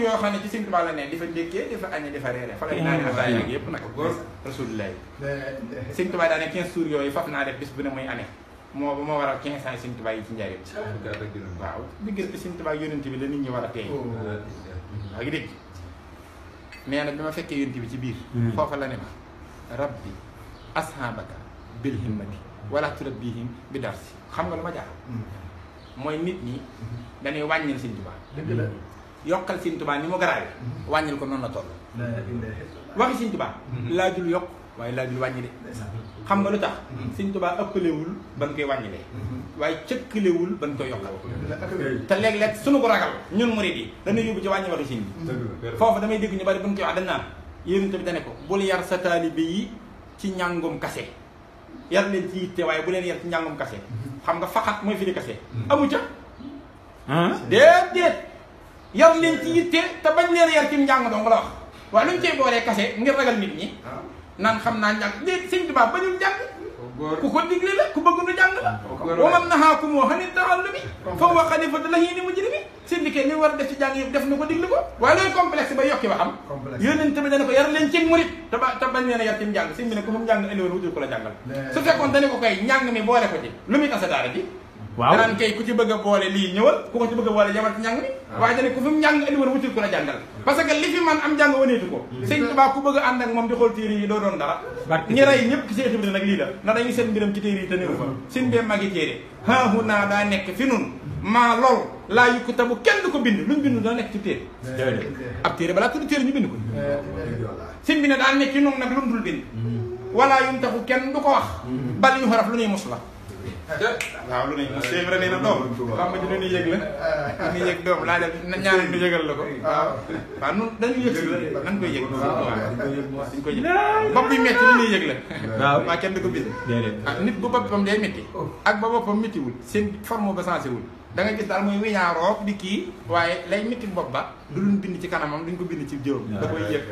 yoo xam ne ci Sëñ Tuubaa la ne di fa ndékkee di fa añee di fa reeree. fa lay naan ataaya ak yëpp nag góor rasulullah yi. Sëñ Tuubaa daa ne 15 jours yooyu def bis bu ne muy année. moo moo waral bi la nit ñi war a teey. waaw oh. ngi dégg nee na bi ma fekkee yonente bi ci biir. Hmm. foofa la ne ma rabbi ashaabaka bil himmati wala bi darsi xam nga lu ma jaaxal. Hmm. mooy nit ñi dañuy wàññil Sëñ Tuubaa dëgg la yokkal Sëñ Tuubaa ni mu garaawe mm-hmm. wàññil ko noonu la toll waxi Sëñ Tuubaa mm-hmm. laajul yokk waaye laajul wàññi xam nga lu tax mm-hmm. Sëñ Tuubaa ëppalewul ba nga koy wàññilee waaye cëkkalewul ba nga koy yokkal te léeg-léeg suñu ko ragal ñun murid yi dañuy yóbbu ci wàññi waxi Sëñ bi foofu damay dégg ñu bari bu ñu koy wax dañ naan yénente bi dane ko bul yar sa taalibe yi ci ñàngum kase yar leen ci yitte waaye bu leen yar ci kase xam nga faxat mooy firi kase hmm. amu ca hmm. ah? déedéet yar leen ci yitte te bañ leen reer ci njàng dong la walla waaye lu ñu kase ngir ragal nit ñi ah. naan xam naa njàng déet sëñ Tuubaa bañul njàng ku ko digle la ku bëgg nu jàng la wa man nahaakum ani ta'allumi fa huwa xaliifatu lahiini mujrimi syndiqué li war a def ci jàng yëpp def na ko digle ko waaye loolu complexe ba yokki waxam yonent bi dana ko yar leen ci murit te ba te bañ leen a yar ci njàng sëñ bi ne ko fa mu njàng indiwoon wujul ko la jàngal su fekkoon dana ko koy njàng mi boole ko ci lu tasa daara ji waaw ku ci bëgg a boole lii ñëwal ku ko ci bëgg boole yamal ci njàng ah. waaye dane ku fi mu njàng indi woon wutul ku la jàngal ah. parce que li fi man am njàng waneetu ko mm. sëñ Tuubaa ku bëgg a ànd ak moom di xool téere yi doo doon dara ñi rey ñëpp ki seeti bi nag lii la na dañu seen téere yi te néew fa mm. ko bind lu mu bind daa nekk ci téere ñu bind mm. bi ne daa nekk ci nun nag lu mu dul bind walaa yum taxu kenn du ko wax bal ñu xaraf lu ñuy mos la waaw lu ne mu Cheikh Ibra nee na doom Bamba ji nu yëg la ah. nu yëg doom laajal ñaanal nu yëgal la ko ah. waaw waaw nun dañu yëg nan koy yëg waaw dañ koy yëg bopp yi metti lu ñuy yëg la waaw waaw kenn di ko bis ah, nit bu boppam day metti oh. ak ba boppam mettiwul seen forme ba sensé wul da nga gis daal muy wiñaaroob di kii waaye lay métti bopp ba du luñ bind ci kanamam duñ ko bind ci jëwam da koy yëg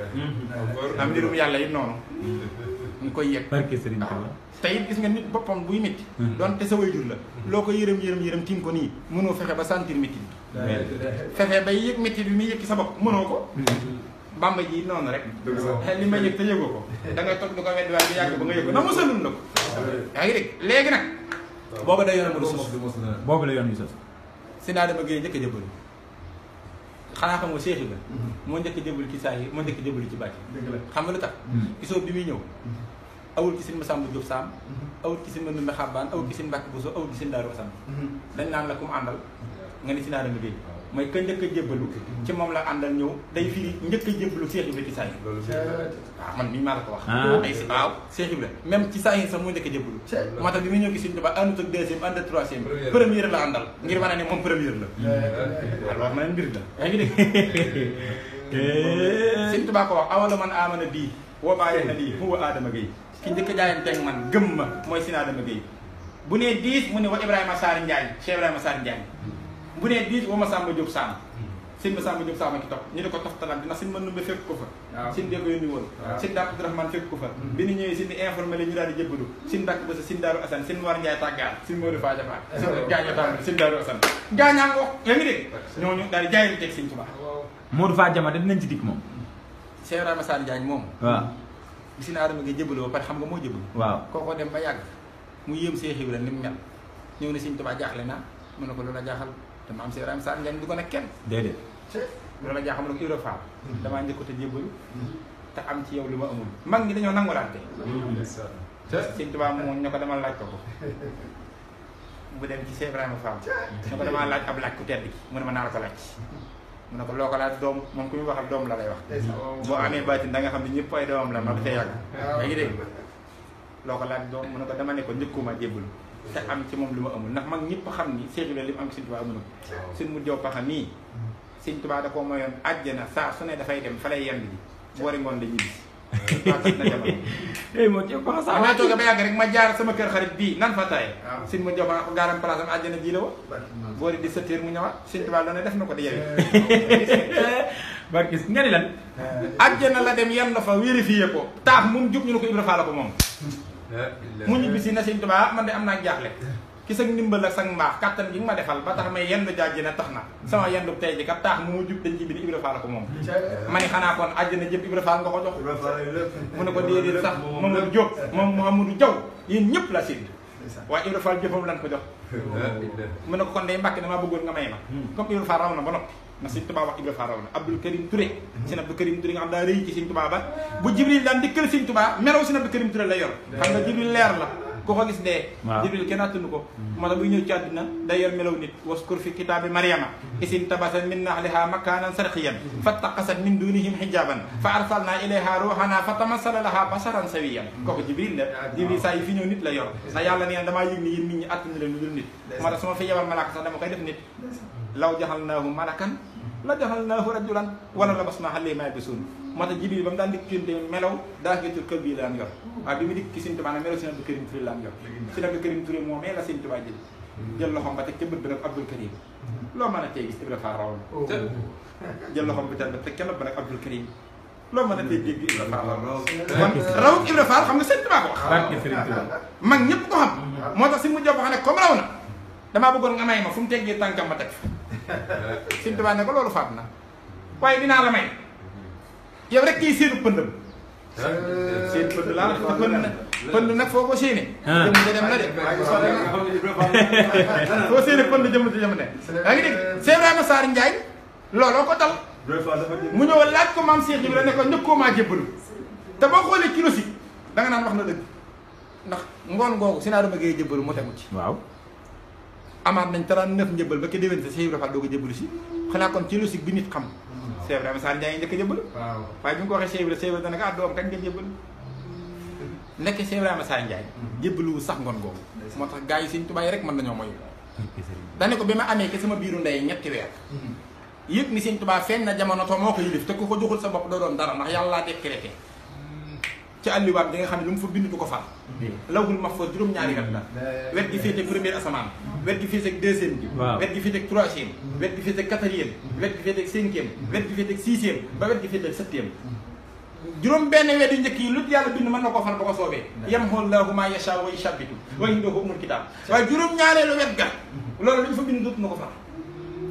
am mbirum yàlla yi noonu ñu mm-hmm. koy yëg tey gis nga nit boppam buy métti mhm. donte sa wayjur la mhm. loo ko yërëm yërëm yërëm tiim ko nii mënoo fexe ba sentir métti fexe bay yëg métti bi muy yëg ci sa bopp mënoo ko mhm. bamba ji noonu rek eh, li ma yëg te yëgoo ko da ngay toog du ko weddi waaye du yàgg ba nga yëg ko na mosalul la ko yaa ngi dégg léegi nag boobu da yoon bu sos boobu la yoon bu sos si naa dama gën njëkk a xanaa xam nga Cheikh Ibra moo njëkk a ci saa yi moo njëkk a jëbal ci bàcc xam nga lu tax gisoo bi muy ñëw awul ci sëñ Masamba Diop Sam mhm. awul ci sëñ Mandumbe Xabbaan awul ci sëñ Mbàkke Buso awul ci sëñ Daaru Sam dañ naan la ku mu àndal mhm. nga ni si naara liggéey mooy ka njëkk a jébbalu mhm. ci moom la àndal ñëw day fii njëkk a jébbalu Cheikh Ibra ci saa yi waaw man mii maa la ko wax ah. ay si même ci saa yi sax moo njëkk a jébbalu moo tax bi mu ñëw gi sëñ Tuubaa àndut ak deuxième ànd ak troisième première la àndal ngir wane ne moom première la alors ma ne mbir la yaa ngi dégg sëñ Tuubaa ko wax awala man amana bii woo bàyyee na lii huwa Adama Gueye ki njëkk jaayanteeg man gëm ma mooy Sine Adama Gueye bu nee 10 mu ne wa Ibrahima Sarr Ndiaye Cheikh Ibrahima Sarr Ndiaye bu nee 10 wa Massamba Diop Samb sëñ Massamba Diop Samb ki topp ñu di ko toftalam dina numbe fekk ko fa sin dee ko yónni sin daa Abdourahmane fekk ko fa bi ñu ñëwee sin di informé la ñu daal di jëbbalu sin bakk ba ya. sin Daaru Assane sin Mor Ndiaye tàggaal sin ya. Modou Fadia Fall gaañoo tam sin Daaru Assane gaañaa nga wax yaa ngi dégg ñooñu daal di jaayante ak sëñ Tuubaa Modou Fadia ma dinañ ci Cheikh Ibrahima bi si naarama nga jëbalu ba pare xam nga moo jëbalu waaw kookoo dem ba yàgg mu yéem see xiw la ni mu mel ñëw ne sëñ Tuubaa jaaxle naa mun ne ko loola jaaxal te maam Cheikh Ibrahima Sarr ngeen du kenn déedéet loola jaaxal mu ne ko Ibra Fall hmm. damaa njëkk te jëbalu hmm. te am ci yow lu ma amul mag ñi dañoo nangulaante sëñ Tuubaa moo ñu ko dama laaj ko ko mu dem ci Cheikh Ibrahima Fall ñu ko dama laaj ab laaj ku tedd ki mu ne ma naa la ko laaj mu ne ko loo ko laaj doom moom ku ñu waxal doom la lay wax boo amee baatin da nga xam ne ñëpp ay doomam la ma ko ca yàgg yaa ngi dégg loo ko laaj doom mu ne ko dama ne ko njëkkuma jébbalu te am ci moom lu ma amul ndax mag ñëpp xam ni Cheikh Ibrahima li mu am ci Sëñ Tuubaa amul ko suñ mu jow paxa nii mm. Sëñ Tuubaa da koo mayoon àjjana saa su ne dafay dem fa lay yend ji boori ngoon la ñibbisi eh ma ci ko sa ma jaar sama kër xarit bii nan fa tay sin ma joba ko gaaram place am àjjana ji la wo boori di sa téer mu ñëwaat eh. sin tubaab la ne def na ko di yewi eh. barkis nga ni lan eh. àjjana la dem yenn fa vérifié ko taaf moom jub ñu ne ko Ibra Fall la ko moom mu ñibbisi na sin tubaab man de am naa jaaxle ci sa ndimbal ak sa mbaax kattan gi nga ma defal ba tax may na sama yendu tey ji kat taax mu jub dañ ci Ibra Fall ko moom ma ni kon Ibra Fall nga ko jox mu ne ko déedéet sax Mamadou Diop moom Mouhamadou Diaw yéen la Ibra Fall jëfam lan ko jox mu ne ko kon day mbàkk damaa bëggoon nga may ma comme Ibra Fall raw na ba noppi na wax Ibra Fall raw na Abdul Karim Touré sëñ Abdul Karim Touré nga xam daa rëy ci sëñ Tuubaa ba bu Jibril daan di kër sëñ meraw Abdul Karim Touré la yor xam nga Jibril leer la ko ko gis dee jibril kenn attanu ko moo tax buy fi kitaabi mariama isin la jibril fi nit la yor ndax yàlla nee na damaa yëg ni yéen nit la jaxal naahu rajulan wala labas naa xalee maa bisuun moo tax jibril ba mu daan dikkinte melaw daagetul kër bii laan yor waaye bi mu dikk ki sëñ nag melaw si Abdou Karim Touré laan yor si Abdou Karim Touré moo mee la sëñ Tuubaa jël jël loxoom ba teg ca bët nag Abdou Karim loo mën a tey gis Ibra Faal raw na oh. jël loxoom bi teg ba teg ca bët ba nag Abdou Karim loolu mën na tey dégg Ibra Faal raw kon raw Ibra xam nga sëñ ko mag ñëpp ko xam moo tax si mu job xam ne comme raw na damaa bëggoon nga may ma fu mu teggee tànkam ma teg sëñ Tuubaa ne ko loolu faat na waaye dinaa la may yow rek kii séenu pëndam. seen pënd laa wax pënd eh, nag pënd nag foo ko séenee. Ah. jëm ja dem na de. foo séenee pënd jëm ja dem ne. yaa ngi dégg Cheikh Ibrahima Sarr Ndiaye looloo ko mu ñëw laaj ko maam Cheikh Ibrahima ne ko ñëkkoo maa jébbalu te boo xoolee kilo si danga naan wax na dëgg ndax ngoon googu si naa dama gëy jébbalu mu tegu ci. waaw. amaat nañ 39 njëbbal ba ki déwén sa Cheikh Ibrahima kon ci bi nit xam. Cheikh Ibrahima Sall Ndiaye njëkk a jëbbal waaye bi nga ko waxee Cheikh Ibrahima Cheikh Ibrahima dana ko ah doom kañ nga jëbbal nekk Cheikh Ibrahima Sall Ndiaye jëbbaluwu sax ngoon googu moo tax gars yi sëñ Tuubaa rek mën nañoo moyu dane ko bi ma amee ke sama biiru ndey ñetti weer mm-hmm. yëpp ni sëñ Tuubaa feeñ na jamono to moo ko yilif te ku ko joxul sa bopp doo doon dara ndax yàlla laa décrété ci àlliwaam di nga xam ne lu mu fa bind du ko far lawhul mahfuz juróom-ñaari mm. wet la mm. wet gi féete mm. première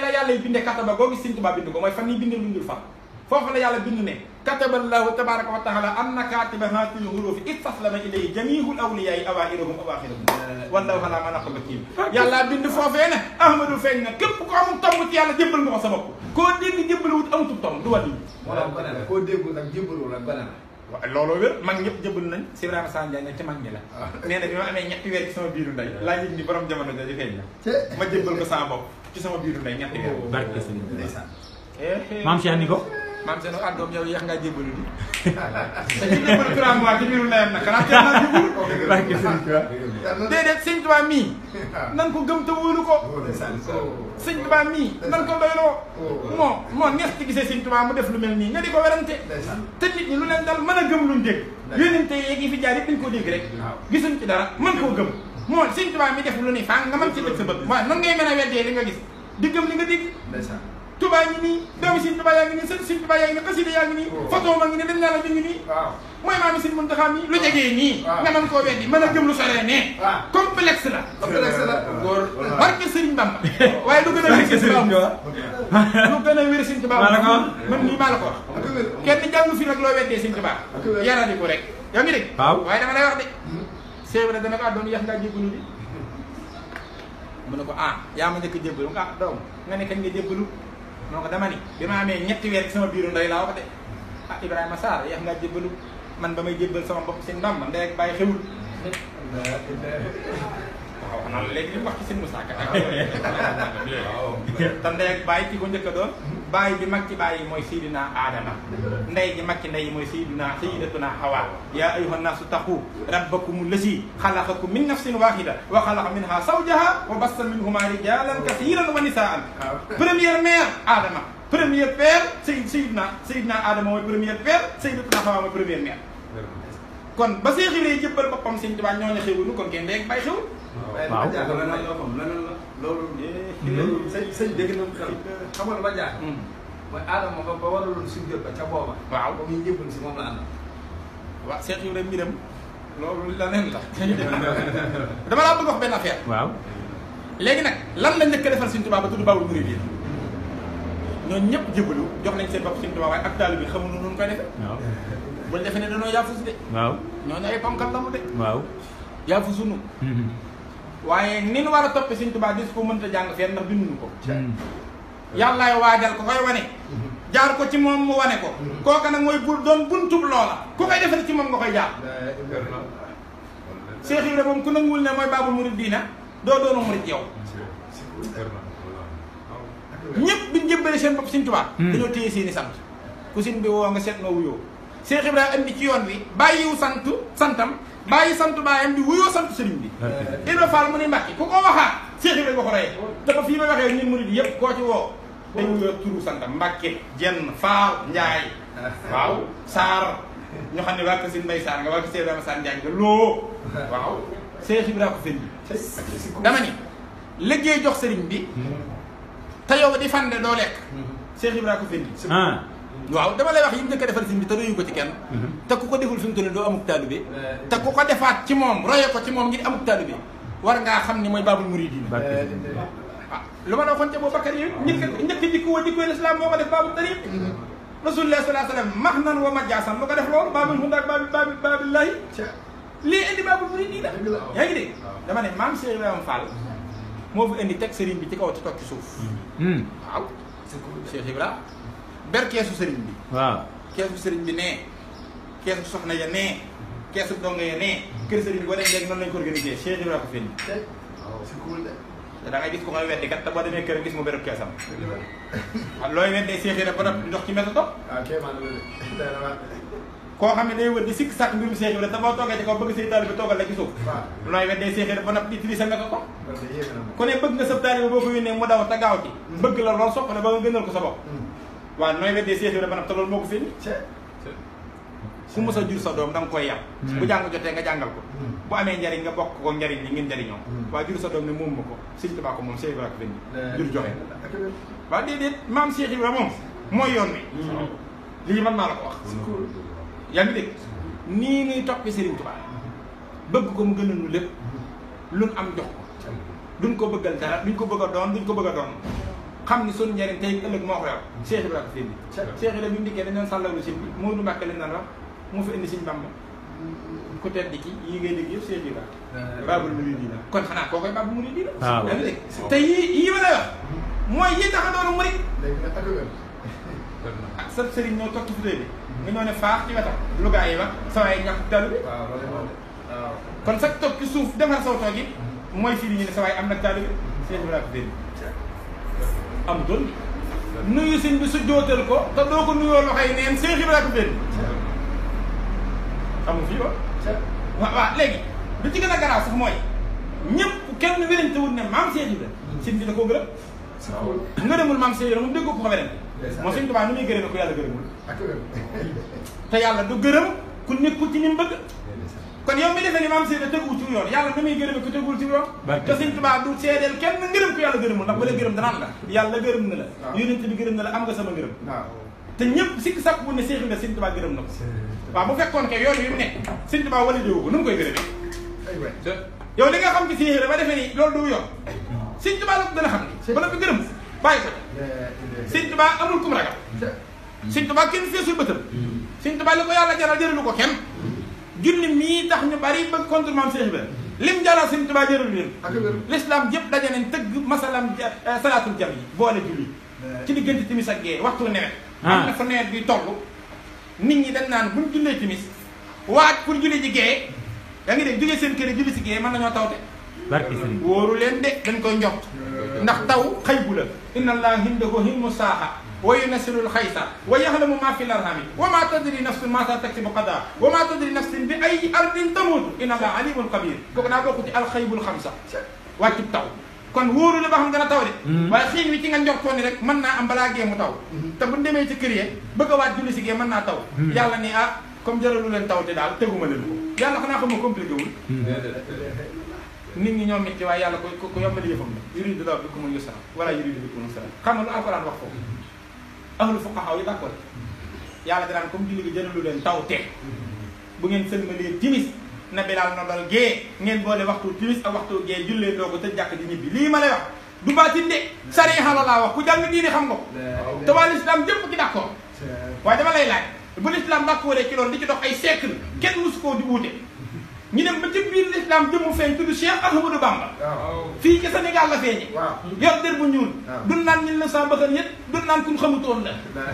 la yàlla y binde kataba googu Sëñ bind ko mooy fan yi binde lu ñu dul far foofu la yàlla bind ne kataba tabaraka wa taala anna katiba hatil hurufi istaslama ilay jamihul awliyaayi awairahum awaxirahum wallahu ala ma naqul wakiil yàlla bind foofee ahmadu feeñ na képp ko amul tomb ci yàlla jébbal nga ko sa bopp koo dégg jébbaluwut amatul tomb du wàllu wala koo déggu nag jébbaluwul ak banana waaw looloo wér mag ñëpp jëbal nañ si Ibrahima Sane Ndiaye ah. bi ma amee ñetti weer ci sama biiru ndey laa yëg ni borom jamono jooju feeñ na ma jëbal ko sama ci sama biiru ndey ñetti weer oh. barke sëñ eh, eh. maam Cheikh ko maam seen xaar doom yow yéex ngaa jébbalu di. dañuy jébbalu trois mois ci mbirum ndeyam nag xanaa teel naa jébbalu. ok ok déedéet ko gëm te wóolu ko. Oh, oh, sëñ Tuubaa mii nan ko doyloo. Oh. moo moo neex ci gisee sëñ Tuubaa mu def lu mel nii nga di ko werante. te nit ñi lu leen dal a gëm luñ dégg. yónnente yeeg yi fi jaar yëpp dañ ko dégg rek. gisuñ ci dara mën koo gëm. moo sëñ Tuubaa mi def lu ni faa nga man ci dëkk sa bëgg. waaw nan ngay mën a weddee nga gis di gëm li nga dégg. Touba ngi nii doomi Sëñ Touba yaa ngi nii sëñ yaa ngi nii xasida yaa nii photo ma ngi la mi ngi nii mooy maami Sëñ Muntaxa mi lu jegee nii nga mën koo weddi mën a gëm lu soree nee complexe la complexe la góor barke Sëriñ Bamba a wér a nii maa ko wax kenn jàng fi loo weddee Sëñ Touba yaradi ko rek yaa ngi dégg waaye dama lay wax de hmm. seebra dana ko addoon ah, yax ngaa jéggalu di hmm. mu ne ko ah yaa ma njëkk jébbalu nga doom nga ne kañ nga jébbalu noo ko dama ni bi ma amee ñetti weer ci sama biiru ndey laa wax de ah Ibrahima Sarr yeex ngaa jébbalu man ba may jébbal sama bopp seen ndam ndey ak bàyyi xewul waaw xanaa léegi li ci ko njëkk a doon baay bi mag ci baay yi mooy sayidina aadama ndey ji mag ci ndey yi mooy sayidina sayidatuna hawa yaa ayyuha naasu taqu rabbakum lazi xalaqakum min nafsin wahida wa xalaqa minha zawjaha wa bassa minhuma rijalan kasiran wa nisaan première mère aadama première père say sayidina sayidina aadama mooy première père sayidatuna hawa mooy première mère kon ba see xilee jëbbal boppam sëñ Tuubaa ñooñu xewunu kon kenn loolu. Mm-hmm. loolu sëñ sëñ dégg na mu xel. xam nga ma jaaxle. Mm-hmm. mooy aadama ba ba waraloon suñu ca booba. waaw ba muy jébbalu si moom la àndal. waaw Cheikh Ibrahima mbiram loolu la neen la. dama laa bëgg wax benn affaire. waaw. léegi nag lan lañ njëkk a defal Sëñ Tuubaa ba tudd Baabul Muridiin ñooñu ñëpp jébbalu jox nañ seen bopp Sëñ Tuubaa waaye ak taalibe bi xamul nu ñu koy defee. waaw buñ defee ne dañoo yaafus de. waaw ñooñu ay ponkal la mu de. waaw yaafusunu. Mm-hmm. waaye ni nu war a topp Sëñ Tuubaa gis ko mënta jàng fenn na binduñu ko hmm. Hmm. yàllaay waajal ko koy wane hmm. jaar ko ci moom mu wane ko kooka nag mooy bul doon buntub loola ku koy defal ci moom nga koy jaar Seex Ibra moom ku nanguwul ne mooy baabul murid diina doo doonu murid yow ñëpp bi ñu jëbbale seen bopp Sëñ Tuubaa dañoo téye seeni sant ku sin bi woo nga seet noo wuyoo Cheikh Ibrahima indi ci yoon wi bàyyiwu sant santam bàyyi sant baayam bi wuyoo sant sëriñ bi Ibra Fall mu ni Mbàkke ku ko waxaat Cheikh Ibrahima ko rey yëpp koo ci woo dañ wuyoo turu santam Mbàkke ne waa Kassim Mbaye Saar dama ni liggéey jox sëriñ bi te di fande doo lekk Cheikh Ibrahima ko sëriñ bi ah. waaw dama lay wax yi mu njëkk a defal sëñ bi te royu ko ci kenn mhm. te ko deful fi mu toll doo amuk taalibe te ko defaat ci moom roye ko ci moom ngir amuk taalibe war ngaa xam ni mooy baabul muridiin eh, ah lu ma la waxoon ca boo bakkar yi njëkk njëkk jikko wa jikko lislaam moo ko def baabul tariq mhm. rasulullah sallallahu alayhi wa sallam max nan wa majaasan lu ko def loolu baabul hundaak baabi a baabillahi lii indi baabul muridiin yaa ngi dégg dama ne maam Cheikh Ibrahima Fall moo fi indi teg sëriñ bi ci kaw te toog ci suuf mhm. waaw ber keesu sëriñ bi waaw keesu sëriñ bi nee keesu soxna ya nee keesu dongo ya nee kër sëriñ bi ko organisé Cheikh Ibrahima ko fenn ko boo demee kër gis mu berub keesam waaw looy weddee Cheikh Ibrahima ba di sikk nga ko ku ne bëgg nga sëb taalibe boo ko yónnee mu daw te gaaw ci bëgg la lool sopp ne ba nga gënal ko sa Wan, nooy weddee Cheikh Ibra ba nag te loolu moo ko feeñ ku mos a jur sa doom da nga koy yàq bu jàng jotee nga jàngal ko bu amee njariñ nga bokk ko njariñ li ngeen njariñoo waaw jur sa doom ne moom ma ko Sëñ Tuubaa ko moom Cheikh Ibra ko feeñ jur joxe waaw déedéet maam Cheikh Ibra moom mooy yoon wi man maa ko wax yaa ngi dégg nii nuy toppi Sëriñ Tuubaa bëgg ko mu gën a nu lu am jox ko duñ ko bëggal dara duñ ko bëgg doon duñ ko bëgg doon xam ni sunu njëriñ tey ëllëg moo ko yor Cheikh Ibrahima ko fi indi Cheikh Ibrahima bi mu dikkee dañ doon sàllalu si bi Moodu Mbàkke lañ doon wax moo fi indi Sëñ Bamba ku tedd ki yi ngay dégg yëpp Cheikh Ibrahima babul mu di la kon xanaa koo koy babul mu di la danga dégg te yi yi ma lay wax mooy yi tax a doon murit ak sa sëriñ ñoo toog ci futé bi nga ñoo ne faax ci wetam lu gaa yi wax sama ay ñàkk dalu bi kon sax toog ci suuf defar saw toog yi mooy fii di ñu ne sa waay am nag dalu bi Cheikh Ibrahima ko fi indi am doon nuyu sëñ bi su jootal ko te doo ko nuyoo loxo yi neen Seex Ibra ko benn xamu fii ba waaw waaw léegi lu ci gën a garaaw sax mooy ñëpp kenn wérante wut ne maam Seex Ibra sëñ bi da koo gërëm ngërëmul maam Seex Ibra moom dégg ko ko wérante moo sëñ Tuubaa ni muy gërëm ko yàlla gërëmul te yàlla du gërëm ku nekkul ci ni bëgg kon yow mi defee ni maam Seydou teguwul ci yoon yàlla na muy gërëme ko ko yàlla gërëmul ndax ba la gërëm danaan la yàlla gërëm la yonent bi la am nga sama ngërëm te ñëpp sikk sàkk bu ne Seex Ibra Sëñ Tuubaa gërëm na bu fekkoon ke yoon yu ne Sëñ ba defee ni loolu du yoon Sëñ Tuubaa la ba amul kum ragal Sëñ Tuubaa kenn feesul bëtam mm. Sëñ Tuubaa li ko yàlla jaral jëralu ko kenn junni mii tax ñu bari ba contre maam Cheikh Ibrahima lim jaral Sëriñ Tuubaa jërul leen l'islam yëpp daje nañ tëgg masalam eh, salaatul jam yi boole julli eh. ci diggante timis ak gee waxtu nawet ah. am na fa nawet bi toll nit ñi dañ naan buñ jullee timis waaj pour julli ji gee yaa ngi dégg jógee seen kër julli si gee man nañoo tawte wóoru leen de dañ koy njort eh. ndax taw xay bu la inna allah indahu ilmu saaha وينزل الخيث ويعلم ما في الارحام وما تدري نفس ما تكتب قضاء وما تدري نفس باي ارض تموت انما عليم القبير كنا بوكو الخيب الخمسه واجب تاو كون وور لا بخم غنا تاو دي واي سين ويتي غن جوخ فوني ريك مننا ام بلا جي مو تاو تا بو ديمي تي كريي بغا وات جولي سي جي مننا تاو يالا ني اه كوم جارالو لين تاو دي دال تيغوما لين يالا خنا خما كومبليكي وول nit ñi ñoom nit ci waaye yàlla ko ko yombal yëfam la yuridu la bikum yusra wala yuridu bikum yusra ahlu fuqaha yi d'accord yàlla danaan comme julli gi jëralu leen taw te bu ngeen sëlmalee timis na bilaal nodal gée ngeen boole waxtu timis ak waxtu gée jullee doo ko tëj jàkk di ñibbi lii ma lay wax du baatin de sariha la laa wax ku jàng diine xam nga
ko te
waa l'islam jëpp ki d'accord
waaye dama lay laaj
bu l'islam d'accordé ci loolu di ci dox ay siècle kenn musu koo di wuute ñu dem ba ci biir l'islam jëmu feeñ tudd Cheikh Ahmadou Bamba fii ci Sénégal la feeñe yor dër bu ñuul dun naan mille neuf cent bakar ñett dun naan kun xamutoon la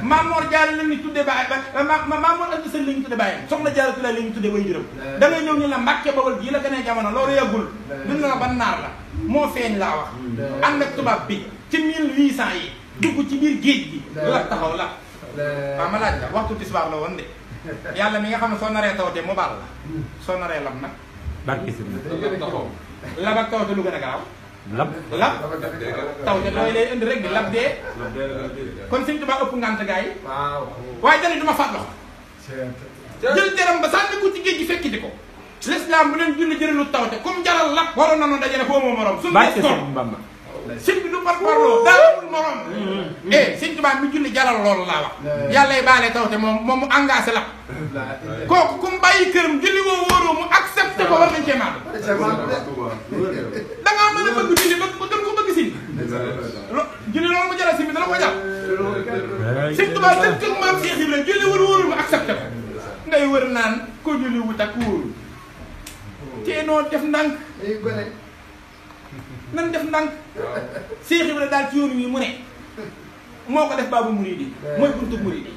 Maamoor Jaara la ñu tudde baay ba Maamoor Anta Sall la ñu tudde baayam soxna Jaara Tulaay la ñu tudde way juróom da ngay ñëw ñu la Mbàkke Bawol gii la gënee jamono loolu yàggul dun na ban naar la moo feeñ laa wax ànd ak tubaab bi ci mille huit cent yi dugg ci biir géej gi la taxaw la waaw ma laaj la waxtu la woon de yàlla mi nga xam ne soo naree tawte mu baal la hmm. soo naree lam nag barke si lab ak tawte lu gën a gaaw lab lab tawte looy lay indi rek bi lab dee kon sëñ Tuubaa ëpp ngant gaa yi waaye dana duma fàat loxo jël deram ba sànni ko ci géej gi fekki di ko l'islam bu leen julli jëriñu tawte comme jaral lab waroon na noonu dajale foo moom morom suñu sëñ bi du par parloo dara amul morom. Mm-hmm. eh sëñ Tuubaa mi julli jaral loolu laa wax. yàlla baale taw te moom moom mu la. kooku ku mu bàyyi këram julli woo wóoroo mu accepté ko war nañ cee maal. da ngaa mën a bëgg julli ba ba gën ko bëgg sëñ bi. julli loolu mu jaral sëñ bi dana ko jàpp. sëñ Tuubaa sëñ kër julli wóor wóorul mu accepté ko. ngay wër naan ko julli wut ak wóorul. te noo def ndànk. nan def ndànk Seex Ibra daal ci yoon wi mu ne moo ko def baabu muridi mooy buntu muridi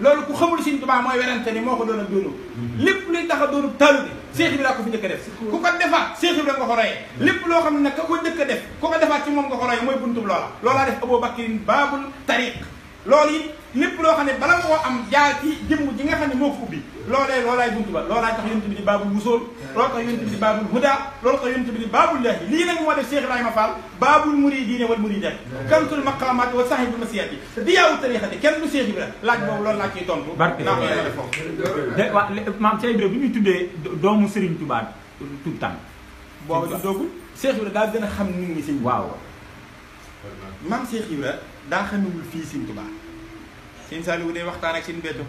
loolu ku xamul Sëñ Tuubaa mooy werante ni moo ko doon ak doonub mm-hmm. lépp luy tax a doonub taalibe Seex Ibra ko fi njëkk a def ku ko defaat Seex Ibra nga ko royee mm-hmm. lépp loo xam ne nag ka ko njëkk def ku ko defaat ci moom nga ko mooy buntub loola loolaa def Abuu Bakrin baabul tariq loolu it lépp loo xam ne bala nga koo am jaar ci jëmm ji nga xam ne moo ko ubbi loolee loolaay buntu ba loolaay tax yonent bi di baabul wusool loolu tax yonent bi di baabul huda loolu tax yonent bi di baabul laahi lii nag moo def Cheikh Ibrahima Fall baabul muridiina wal muridaati kantul maqaamaati wa saahibul masiyaati te diyaawu tariixati kenn du Cheikh Ibra laaj boobu loolu laa ciy tontu barke naa ko yàlla def foofu waaw maam Cheikh Ibra bi ñuy tuddee doomu Serigne Touba tout temps boobu du doogul Cheikh Ibra daa gën a xam nit ñi sëñ waaw maam Cheikh Ibra daa xamewul fii Sëñ Tuubaa Sëñ Saaliwu ne waxtaan ak sin Béthio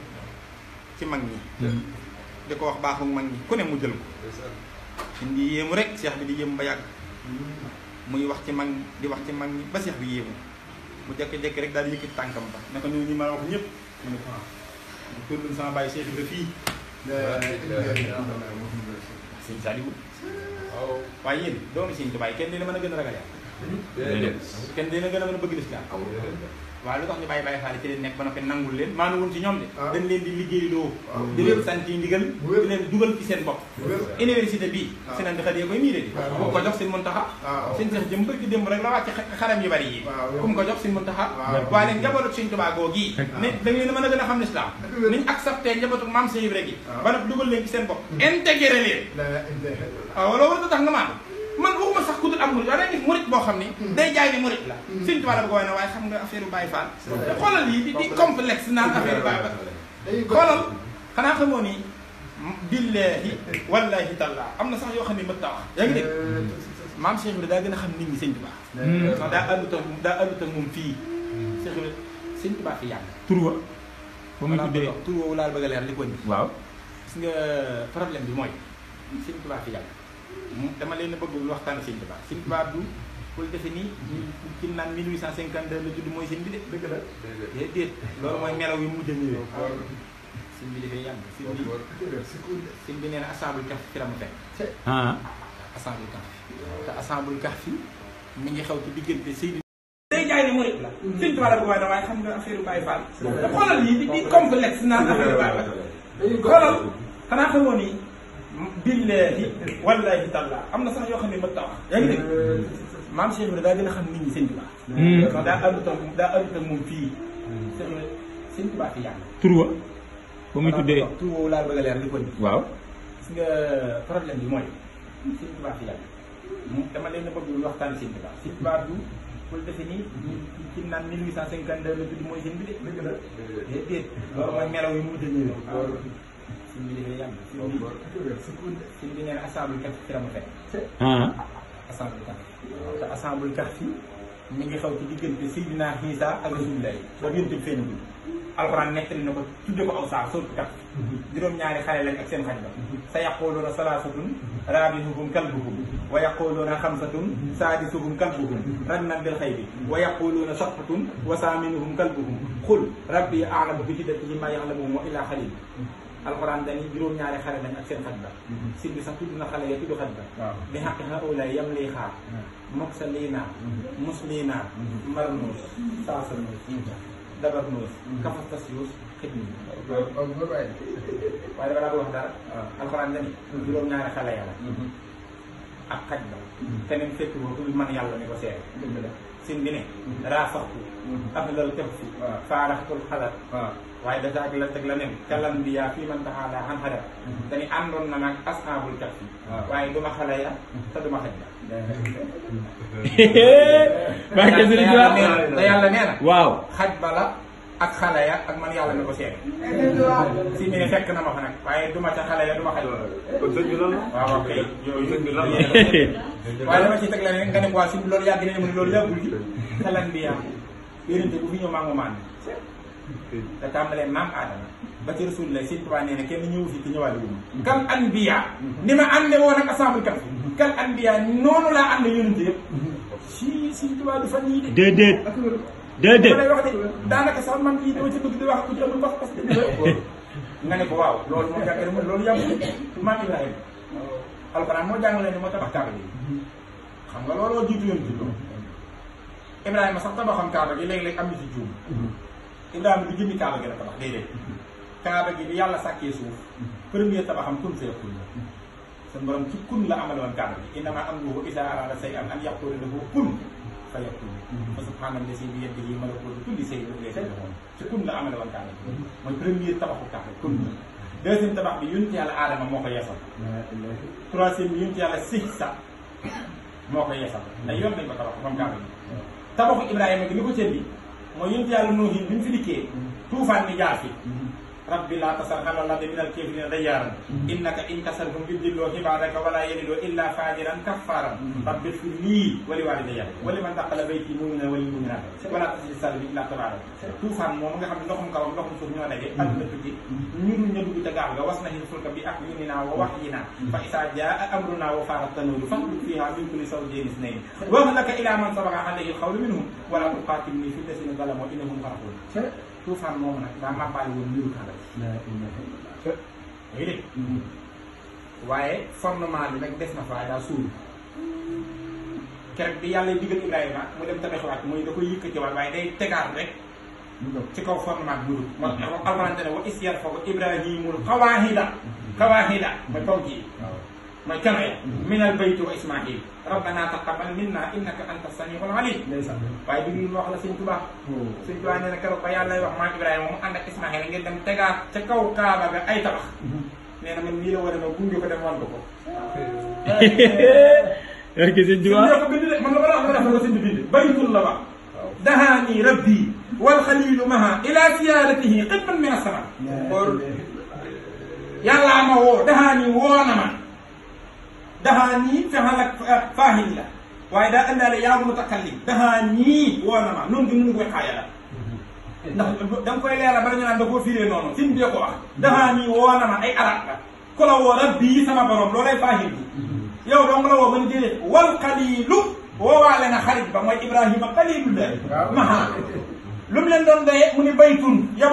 ci mag ñi di ko wax baaxu mag ñi ku ne mu jël ko Sëñ bi yéemu rek seex bi di yéemu ba yàgg muy wax ci mag di wax ci mag ñi ba seex bi yéemu mu rek daal di yëkkati tànkam ba ne ko ñëw ma wax ñëpp mu ne ko ah, sama bàyyi fii waaye yéen doomu kenn mën a gën a ragal yàlla kenn dina gën a mën a bëgg lislaam waaye lu tax ñu bàyyi bàyyi xaalis ci leen nekk ba noppi nangul leen maanu woon ci ñoom de ah. dañ leen di liggéey loo ah. di leen sant yi ndigal di dugal ci seen bopp université bii seen di xëdee koy miire di ah. ku ko jox seen Muntaxa seen seex jëm bëgg démb la wàcc xaram yu bari yi ku mu ko jox seen Muntaxa waaye nag njabootu Sëñ Tuubaa gii ne da ngeen mën a gën a xam lislaam niñ accepté njabootu maam Sëñ Ibra gi ba noppi dugal leen ci seen bopp intégré leen waaw loolu a tax nga man waxuma sax ku dul am murit dangay mourid murit boo xam ni day jaay ni mourid la Sëñ Tuubaa la bëgg a waaye xam nga affaire u Baay Faal xoolal yi di di complexe naan affaire Baay Faal xoolal xanaa xamoo ni billahi wallahi talla am na sax yoo xam ne mën ta wax yaa ngi dégg maam Cheikh Ibrahima daa gën a xam nit ñi Sëñ Tuubaa daa àndut ak daa àndut ak moom fii Cheikh Ibrahima Sëñ Tuubaa fi yàgg turwa ba mu tuddee wa laal bëgg a leer li ko indi waaw gis nga problème bi mooy Sëñ Tuubaa fi yàgg dama leen a bëgg waxtaan Sëñ Tuubaa Sëñ Tuubaa du koy defe nii ci naan 1852 la judd mooy sëñ bi de dëgg la déedéet loolu mooy melaw yu mujj a ñëwee sëñ bi dafay yàgg sëñ fi la mu fekk ah. te asaabul kaf fi mi ngi xew ci diggante sëñ day jaay ne murit la mm. sëñ Tuubaa waaye waaye xam nga affaire Baay Faal da xoolal lii di complexe naan affaire Baay Faal xoolal xanaa xamoon nii billaahi wallaahi tallaa am na sax yoo xam ne mën ta wax yaa ngi dégg maam Cheikh Ibrahima daa gën a xam nit ñi sëñ Tuubaa hmm. daa ànduta daa ànduta moom fii sëñ Tuubaa fi yàgg tur ba muy tuddee tur woowu laa bëgg leer li ko ni waaw gis nga problème bi mooy sëñ Tuubaa fi yàgg dama leen a bëgg waxtaan sëñ Tuubaa sëñ Tuubaa du pour defe nii seen bi de dëgg la déedéet loolu mooy melaw yi mu wuta ñëwee suñ bi liggéey yàgg. suñ bi nee na asaabul kahf ci la ah. ngi xaw ci diggante Seydina Xiisa ak Rasulullah ba yéen tëj seen dugub. alxuraan nettali na ko tudde ko aw saar sóotu kat mhm. juróom-ñaari xale ak seen xaj mhm. sa yaqooloona salaasatun raabisuhum kalbuhum mhm. wa yaqooloona xamsatun saadisuhum kalbuhum rannan bil xaybi wa yaqooloona sab'atun wa saaminuhum kalbuhum xul rabbi a'lamu bi hidatihim ma yaxlamuhum wa illaa xalil alxuraan dañuy juróom-ñaari xale lañ ak seen xaj ba sir bi sax tudd na xale ya tudd xaj ba bi xaq xa óola yam lii xaar moksa mhm. lii naa mus mhm. lii naa mhm. mar nuus saasa nuus dabar nuus kafas tas yuus xit nii waaye dafa daa wax dara ah. alxuraan dañuy juróom-ñaari xale ya la ak xaj ba te fekk boo ku man yàlla ni ko seere bi ne. raafaqtu. ahlal kahfi. waaw faaraxtul xadar. waaw waaye dafa ak la teg la nem. kalam bi yaa fii man taxaala an xadar. dañu àndoon na nag asxaabul kahfi. waaye duma xale ya te duma xaj. barke Sëriñ Tuubaa te yàlla nee na. waaw xaj ba la. ak xale ya ak man yàlla mi ko seet. si mais fekk na ma fa waaye duma ca xale ya duma xaj loolu. bi loolu. waaw waaw kay yooyu sëñ bi loolu. waaye dama ciy teg la ne nga ne waa si loolu yàgg ne loolu lépp gi xelan ngi maan te tàmbalee maam aadama ba ci rasul la sëñ Tuubaa nee na kal anbiya ni ma ànde woon ak asaabul kaf kal anbiya noonu laa ànd du fan yii de déedéet déedéet ma lay wax de daanaka sax man kii dama ci bëgg di wax ku ci amul wax parce que. nga ne ko waaw loolu moom jàngale ma loolu yàgg maam Ibrahima alxuraan moo jàngale ne moo tabax kaaba gi xam nga looloo jiitu yoon ci loolu Ibrahima sax tabaxam am na ci juum Ibrahima du jëmmi kaaba gi la tabax déedéet kaaba gi bi yàlla sàkkee suuf premier tabaxam kun see kun la sa borom ci kun la amaloon kaaba gi innama amruhu izaa araada shay'an an yaqoola lahu kun fayaktub fa mhm. subhaanalla si bi yeddihi malakuutu kulli shay'in wa ilayhi turja'uun ci kun la amale woon kaaba mhm. kun la mhm. deuxième tabax bi yonent yàlla aadama moo ko yeesal troisième moo ko yeesal ndax yoon nañ ko tabax moom kaaba gi tabaxu Ibrahima gi li ko cëndi mooy yonent yàlla Nuuh bi mu fi dikkee tuufaan ni jaar rabbi laa tasar alal ardi min al kaafiriina dayyaaran innaka in tasarhum yudilloo ibaadaka wa laa yalidoo illaa faajiran kaffaaran rabbi ighfir lii wa li waalidayya wa liman daxala baytii mu'minan wa lil mu'minaat wa laa tazid saalimiin illaa tabaaran tuufaan moom nga xam ne ndoxum kaw ak ndoxum suuf ñoo daje adduna tukki ñun ña dugg ca gaal ga was nahin fulka bi ahyuuninaa wa wahyinaa fa izaa jaa amrunaa wa faara tanuuru fanfuq fiihaa min kulli zawjayni isnayni wahlaka ilaa man sabaqa alayhi alqawlu minhum wa laa tuqaatilnii fi llaziina zalamoo innahum ghaafilun tuufaan moomu nag daa màbbaale woon mbiru kàlla bi. day dégg waaye fondement bi nag des na fa daa suul keroog bi yàlla digal Ibrahima mu dem tabaxawaat mooy da koy yëkkatiwaat waaye day tegaat rek. ci kaw fondement bi mu dugg. moo tax alxuraan ne wa is yarfa'u Ibrahimul qawaaida qawaaida ba taw ji. mooy karaya min al bayt wa ismail rabbana taqabbal minna innaka anta samiul alim waaye bi ñu wax la sëñ Tuubaa sëñ Tuubaa nee na keroog ba yàlla lay wax maa Ibrahima moom ànd ak Ismail ngeen dem tegaat ca kaw kaaba ga ay tabax nee na man nii la war a ma gunge ko dem wan ko ko erke sëñ Tuubaa ko bind de man la war a wax ma def na ko sëñ bi bind baytul la wax dahaani rabbi wal xalilu maha ila ziyaratihi qitman min asama yàllaa ma woo dahaani woo na ma daxaa nii fexal ak eh, faahin la waaye daa andaale yaa mutakallim daxaa nii woo na ma noonu du nun koy xaaya la ndax da nga koy leeral ba dañu naan da koo firee noonu fi mu dee ko wax daxaa nii woo na ma ay arab ku la woo rabbi sama borom loolay faahin bi yow dong la woo mën déedéet wal xaliilu woowaale na xarit ba mooy ibrahima xaliilullahi maha lu mu leen doon doyee mu ni nu ca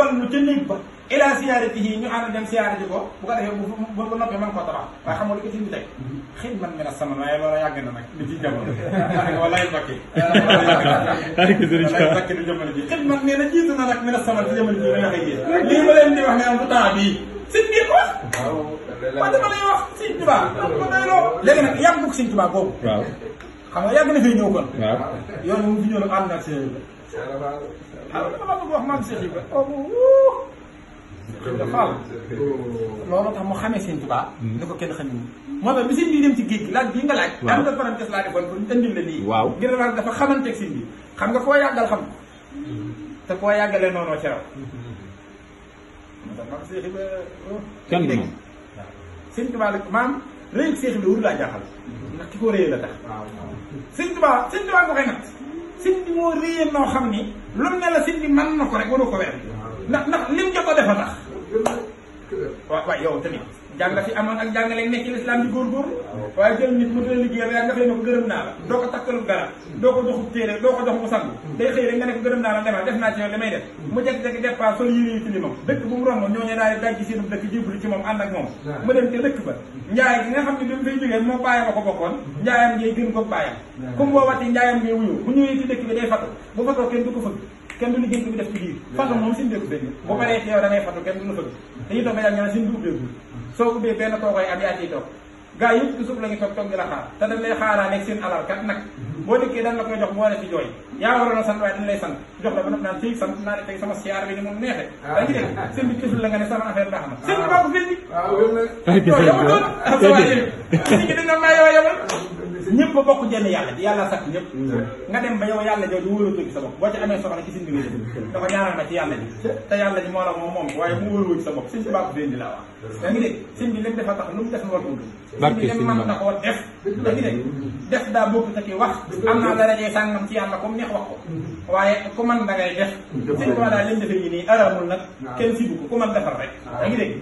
ba ila siyaaratihi ñu ànd dem siyaara ji ko bu ko defee bu bu noppee mën koo tabax waaye xam nga li ko ci ñu teg xin man mel a saman waaye loolu yàgg na nag li ci jamono walaay bakki walaay bakki du jamono ji xin man nee na jiitu na nag mel a saman ci jamono ji nga koy gis lii ma leen di wax ne bu temps bii sëñ bi ko wax waaw dama lay wax sëñ Tuubaa ko dayloo léegi nag yàggug sëñ Tuubaa boobu waaw xam nga yàgg na fee ñëw kon waaw yoon mu fi ñëw nag ànd nag seen la waaw dama bëgg wax maam Cheikh Ibrahima oh, dafa am loolu tax mu xamee seen tubaab hmm. ni ko kenn xam ni moo tax misin bii dem ci géej gi laaj bii nga laaj am na parenthèse laa defoon pour indil la lii waaw ngir la dafa xamanteeg sin bi xam nga koo yàggal xam te koo yàggalee noonu ci raw moo tax seexi ba oh. kenn dégg seen tubaab la maam rëy seexi bi wur laa jaaxal ndax ki ko rëy la tax seen tubaab seen tubaab nga koy natt seen bi moo rëyee noo xam ni lu ne la seen bi mën na ko rek waroo ko weer ndax ndax lim jot a defa tax waaw waaw yow tamit jàng fi amoon ak jàngale nekk lislaam di góorgóorlu waaye jël nit mu dina liggéey yaa nga xëy na ko gërëm naa la doo ko takkalub dara doo ko joxub téere doo ko jox mu gërëm naa la demal def naa ci yow li dëkk bu mu romb ñoo ñu daal di daj ci moom ànd ak moom mu dem te dëkk ba njaay nga xam ne bi mu moo bàyyam a ko bokkoon njaayam ngay gën ko bàyyam comme boo watee njaayam ngay wuyoo bu ñëwee ci dëkk bi day fatu bu fatoo kenn du ko fëgg kenn du liggéey bi def ci biir façon moom sin dégg dégg bu paree ci da ngay fatu kenn du la fëgg dañuy toog ba ñaan sin du ubbeegul soo ubbee benn koo koy am ciy toog gaa yëpp ci suuf la ñu toog toog di la xaar te dañ lay xaaraa nekk seen alal kat nag boo dikkee la koy jox ne ci jooy yaa a sant waaye dañ lay sant jox la ba naan sant naa ne tey sama siyaar bi ni mu neexe da ah. ngi dégg seen bi la nga ne sama affaire baax na ah. seen bi baax ko fii ah, waaw yow la yow yow yow yow yow yow yow ñepp bokk jenn yàlla bi yàlla sax ñepp mm. nga dem ba yow yàlla jooju wóoratu ci sa bopp boo ci amee soxla ci sindi wéetu dafa ñaanal ma ci yàlla bi te yàlla ji moo la moom moom waaye mu wóoru ci sa bopp sëñ bi bàpp fendi la wax da ngi dégg sëñ bi lim dafa tax lu mu def nga tudd sëñ bi lim man na koo def da ngi dégg def daa bokk sa ki wax am naa darajee sàngam ci yàlla comme neex wax ko waaye ku man da ngay def sëñ bi daal lim defee ñu aramul nag kenn sibu ko man defar rek da ngi dégg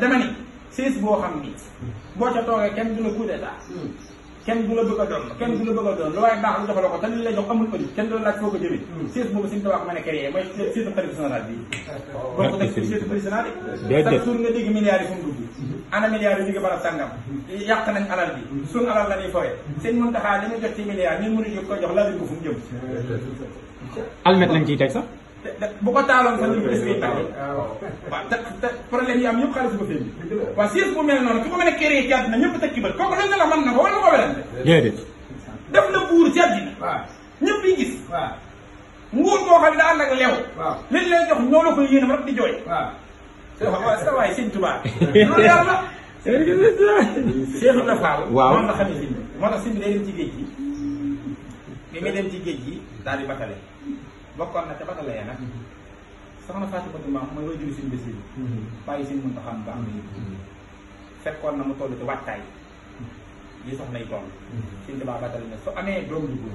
dama ni siis boo xam ni ca toogee kenn du la coup d'état hmm. kenn du la bëgg a doon kenn du la bëgg a doon lu waaye baax lu jox la ko te ñu lay jox amul audit kenn du la laaj foo ko jëmee hmm. siis boobu suñu tabax mën a créé mooy siis xarit national bi boo ko teg si siis national bi chaque jour nga dégg milliards yi fu mu dugg hmm. ana milliards yi ñu ngi barab sàngam yàq nañ alal bi hmm. suñu alal la ñuy foye seen mën taxaa li ñu jot ci milliards ñun mënuñu ko jox laaluñ ko fu mu jëm almet lañ ciy teg sax bu ko taaloon sax ñu gis waaw te te problème yi am ñëpp xaalis ba feeñ noonu ku ko mën a créer ci àddina ñëpp teg ci bët kooku la mën na ko wala ko wala déedéet def na buur ci àddina waaw ñëpp gis waaw nguur koo xam ne daa ànd ak leew liñ lay jox ñoo di jooy waaw sa waay sëñ Tuubaa loolu yàlla na Fall waaw moom la xamee sëñ bi moo tax sëñ bi day dem ci géej gi bokkoon na ca ba dalaya nag soxna Fatou Fatou Mbam mooy wajuru suñu bés yi bàyyi suñu mën taxam mbaam yi na mu toll ci wattaay li soxna yi toll suñ tubaa battal ne su amee doom ju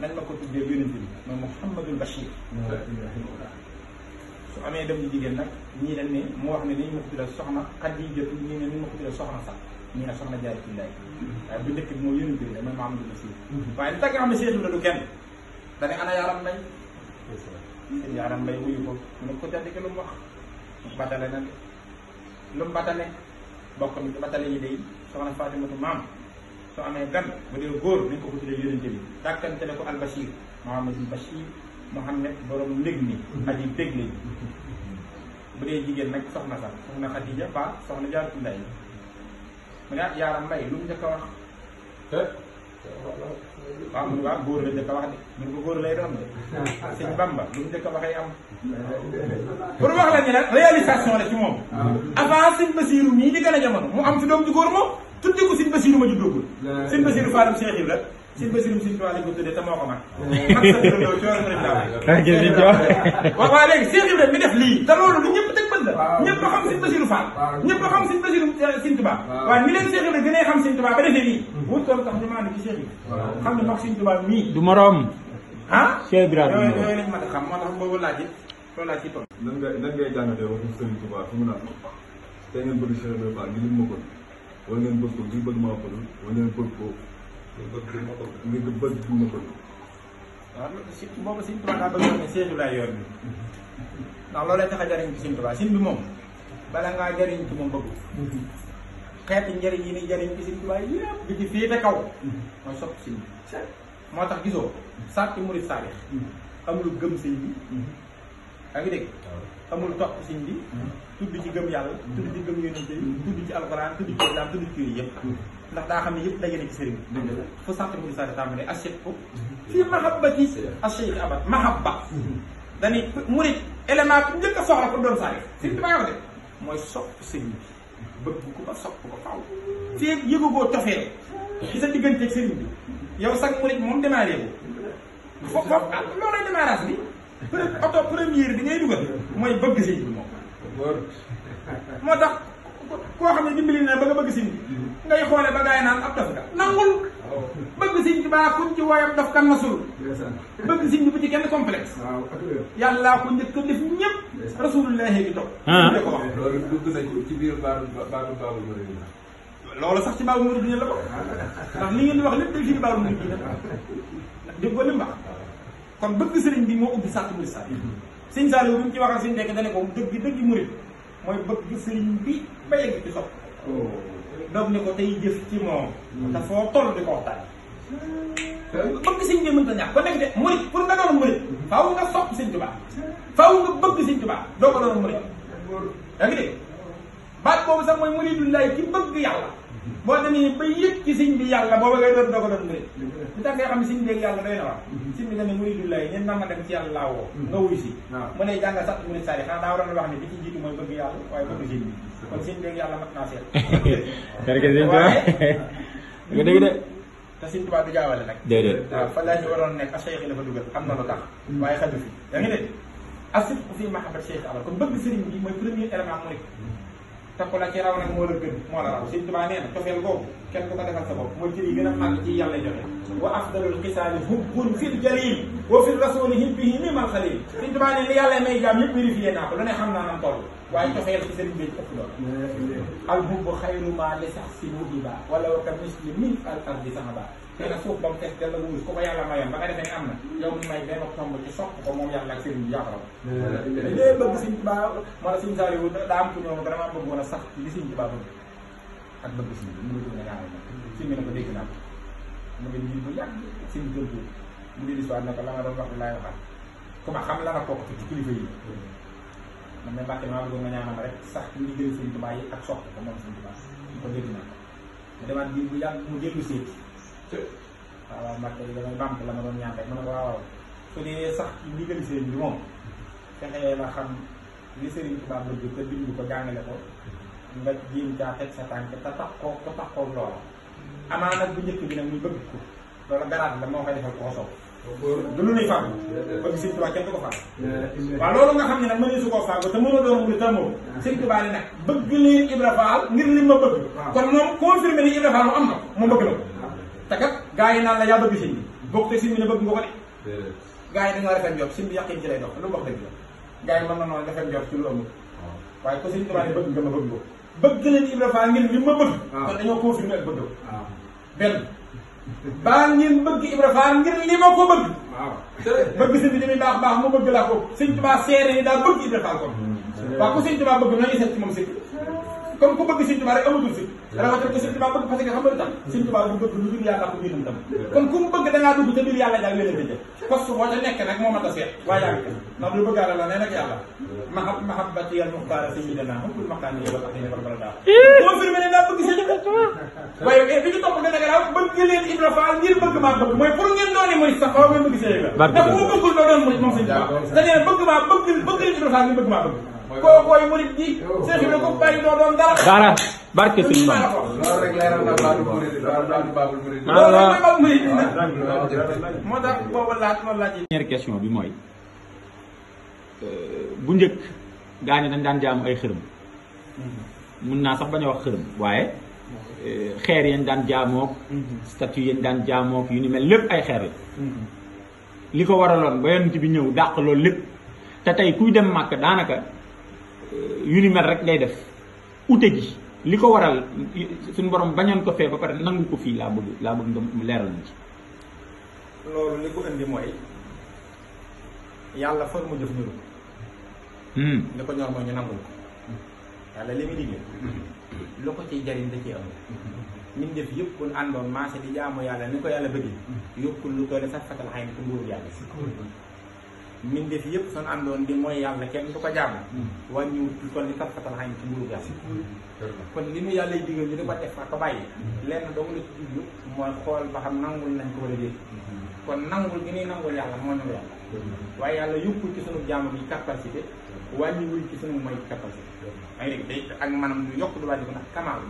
ma ko tuddee yonent bi mooy Mouhamadul Bachir su amee doom ju jigéen nag ñii dañ ne mu wax ne niñ ma ko tuddal soxna Xadijatu ñii ne niñ ma ko tuddal soxna sax ñii ne soxna jaari ci bu ana nay seen yaram lay wuyu ko mu ko jadi ke lu wax batale nak lu batale bokk ni batale yi day soxna fatimatu mam so amé gam bu de gor ni ko ko tudé yoonte bi takante ko al bashir muhammad bin bashir muhammad borom ndigni adi begni bu de jigen nak soxna sa soxna khadija fa soxna jaar tunday mu ya yaram lay lu ñu ko wax waaw mu ne waaw góor la njëkk a wax de mu ne ko góor lay doon de sëñ Bamba lu mu njëkk a waxee am pour wax la ni nag réalisation la ci moom ah. avant sëñ Basiiru mii di gën a jamono mu am fi doom ju góor moom tuddi ko sëñ Basiiru ma juddoogul sëñ Basiiru Fallou Cheikh la sëñ Basiru sëñ Tuubaa lañ ko tuddee te moo ko man man sa turandoo coono sëñ Tuubaa waaw waaw léegi mi def lii te loolu lu ñëpp teg bët la ñëpp a xam sëñ Basiru Fall ñëpp a xam sëñ Basiru euh, sëñ Tuubaa a xam mm-hmm. wut toon tax ñu maandu ci Cheikh Ibrahima xam ne moom sëñ Tuubaa du moroom ah? a xam ma ko wala ngeen bëgg ko ngir bëgg nga bëgg fi ma bëgg waaw surtout boobu sëñ Tuubaa daa bëgg ne Seex Ibrahima yoon ndax loolay tax jariñ ci sëñ Tuubaa sëñ bi moom bala ngaa jariñ ci moom bëgg xeeti njëriñ yi ni jariñ ci sëñ Tuubaa yëpp bi ci féete kaw mooy sopp sëñ bi tax gisoo sàcc murit saalix amul gëm sëñ bi yaa ngi amul topp bi ci gëm ci gëm ci ci islam ci ndax daa xam ne yëpp dajale ci sëriñ bi fu sant mu sa tàmbale asiq ko fii mahabbati acheikh abat mahabba dañuy murit élément bu njëkk a soxla pour doon saare sëriñ bi baaxate mooy sopp sëriñ bi bëgg ko ba sopp ko faaw fii yëgu goo cofeel ci sa digganteeg sëriñ bi yow sax murit moom démarré bu foofu loolay démarrage bi auto première bi ngay dugal mooy bëgg sëriñ bi
moom
moo tax koo xam ne dimbali na ba nga bëgg sëñ bi mm-hmm. ngay xoole ba gaay naan ab dof ga nangul oh. bëgg sëñ bi baa kuñ ci wooy ab dof kan na bi bu ci kenn complexe yàllaa ko a bi toog de ko loolu sax ci baabu murid dina la ko ndax li ngeen di wax lépp day ko li mbax bëgg sëriñ bi moo ubbi sàtt mm-hmm. bi mu ci waxal sëñ nekk dane ko dëgg dëgg murid mooy bëgg sëriñ bi ñëpp a yëngu ci sopp doog ni ko tey jëf ci moom. Hmm. dafoo toll di ko waxtaan.
Hmm.
bëgg sëñ bi mënta ñàkk ko nekk de murit pour nga doon murit hmm. faaw nga sopp sëñ Tuubaa faaw nga bëgg sëñ Tuubaa doo ko doon murit yaa ngi a baat boobu sax mooy muridullahi ki bëgg yàlla boo demee ba yëg ci siñ bi yàlla booba ngay doon doog a doon mbir li tax ngay xam siñ beeg yàlla doy na wax mhm. siñ bi dana muri dullaay ñen na ma dem ci yàlla woo mhm. nga wuy si mu ne jàng satt mu ne sari xanaa daa waroon wax ne bi ci jiitu mooy bëgg yàlla waaye bëgg siñ bi kon siñ beeg yàlla mat naa seet barke siñ bi nga dégg de te siñ tubaab du jaawale nag déedéet waaw fa laa ñu waroon nekk as cheikh dafa dugal xam na lu tax mhm. waaye xaju fi yaa ngi dégg asib fi mahabat cheikh ala kon bëgg sëriñ bi mooy premier élément mu te ku la ci raw nag moo la gën moo la raw sëñ Tuubaa nee na cofeel googu kenn ku ko defal sa bopp mooy cër yi gën a màgg ci yàlla joxe wa afdalul xisaali hubbun fil jalil wa fil rasulihi bihi nimal xalil sëñ Tuubaa nee li yàlla may jaam yëpp vérifié naa ko lu ne xam naa nam toll waaye cofeel ci sëriñ bi ëpp lool al hubbu xayru ma li sax si muhiba wala wa ka misli min al ardi sahaba dana suuf ba mu fees dana wuus ku ko yàlla ba nga defee ne yow mi may benn tomb ci sopp ko moom yàlla ak sëriñ bi yàqal bëgg siñ ba ma la siñ saa yow daa am ku ñëw vraiment bëgg woon sax li siñ ci ba bëgg ak bëgg siñ bi ngi gën a daal siñ ko dégg naa mu ngi nii bu yàgg siñ bi gën mu ngi histoire ne la nga doon wax bi laay ma xam la ci kilifa yi man rek sax yi ak ko ko dégg bu mu waaw ah, Mbacke bi damay la ma doon ñaan rek ma waaw su dee sax ci ndigal sëriñ bi moom fexe la xam li sëriñ Tuubaa bëgg te ko jàngale ko nga jéem caa teg sa tànk te tax koo te tax koo loola. amaa nag bu njëkk bi nag muy bëgg ko loolu garaat la moo koy defal koo soow du lu nuy fàggu ko fàggu waaw loolu nga xam ne nag mënee su koo fàggu te mën a doon lu tàmmoo sëriñ Tuubaa ne nag bëgg leen Ibra Faal ngir li ma bëgg kon moom confirmé ni Ibra mu am na mu bëgg la ko te kat gaa yi naan la yaa bëgg sëñ bi bokk te sëñ bi ne bëgg nga ko de gaa yi dañoo rafet njort sëñ bi yàqin ci lay dox lu mu wax dëgg la gaa yi mën na noonu rafet njort ci lu amul waaye ko sëñ Tuubaa ne bëgg nga ma bëgg ko bëgg leen Ibra Fall ngeen li ma bëgg kon dañoo confirmer ak bëgg benn baa ngeen bëgg Ibra Fall ngir li ma ko bëgg bëgg sëñ bi damuy baax baax mu bëgg la ko sëñ Tuubaa seere ni daa bëgg Ibra Fall kon hmm. waaw ko sëñ Tuubaa bëgg nañu seet ci moom sëñ kon ku bëgg Sëñ Tuubaa rek amatul si rawatina ko Sëñ bëgg parce que xam nga lu tax Sëñ bëgg lu dul yàlla ko ku bëgg da ngaa dugg te biir yàlla daal wélan dëjë parce que boo ca nekk nag moo mën a seet waaye yàgg ndax lu bëggaale la nee nag yàlla maa mahabatiyal muxbaara sayyidina hubbul maqaani wal aqini wal barada confirmé ne naa bëgg Sëñ Tuubaa waaye eh, bi ñu topp nga nag raaw bëgg leen bëgg maa mooy pour ngeen dooni muy sax waaw ngeen bëgg Sëñ Tuubaa ndax boo moom Sëñ Tuubaa da ngeen bëgg maa koo koy murit gi. bi mooy euh, bu njëkk gaa ñi dañ daan jaamu ay xërëm mhm. mun naa sax bañ wax xërëm waaye mhm. euh, xeer yeen daan jaamook mhm. statue yeen daan jaamook yu ni mel lépp ay xeer li ko waraloon ba yonent bi ñëw dàq loolu lépp te tey kuy dem màkk daanaka yuni ni mel rek ngay def ute gi li waral suñu borom bañoon ko fee ba pare nangu ko fii laa bëgg laa bëgg nga leeral ñu ci loolu li ko indi mooy yàlla far mu jëf ñuru hmm. li ko ñor mooy ñu nangul ko yàlla li jariñ da am def yëpp kun di jaamu bëgg hmm. lu toll sax fatal xay ko mbindeef yëpp suñu àndoon di mooy yàlla kenn du ko jàmm wàññiwu ci kon ni tarfatal ci nguurub yàlla hmm. kon li mu yàlla digal ñu di ko def ak ko bàyyi hmm. lenn doomu la ci mooy xool ba xam nangul nañ ko wala déet hmm. kon nangul gi nuy nangul yàlla moo ñu yàlla waaye yàlla yóbbu ci sunu jàmm bi capacité wàññiwul ci sunu mooy capacité ay dégg day ak maanaam lu yokk du wàññi ko ndax kamaal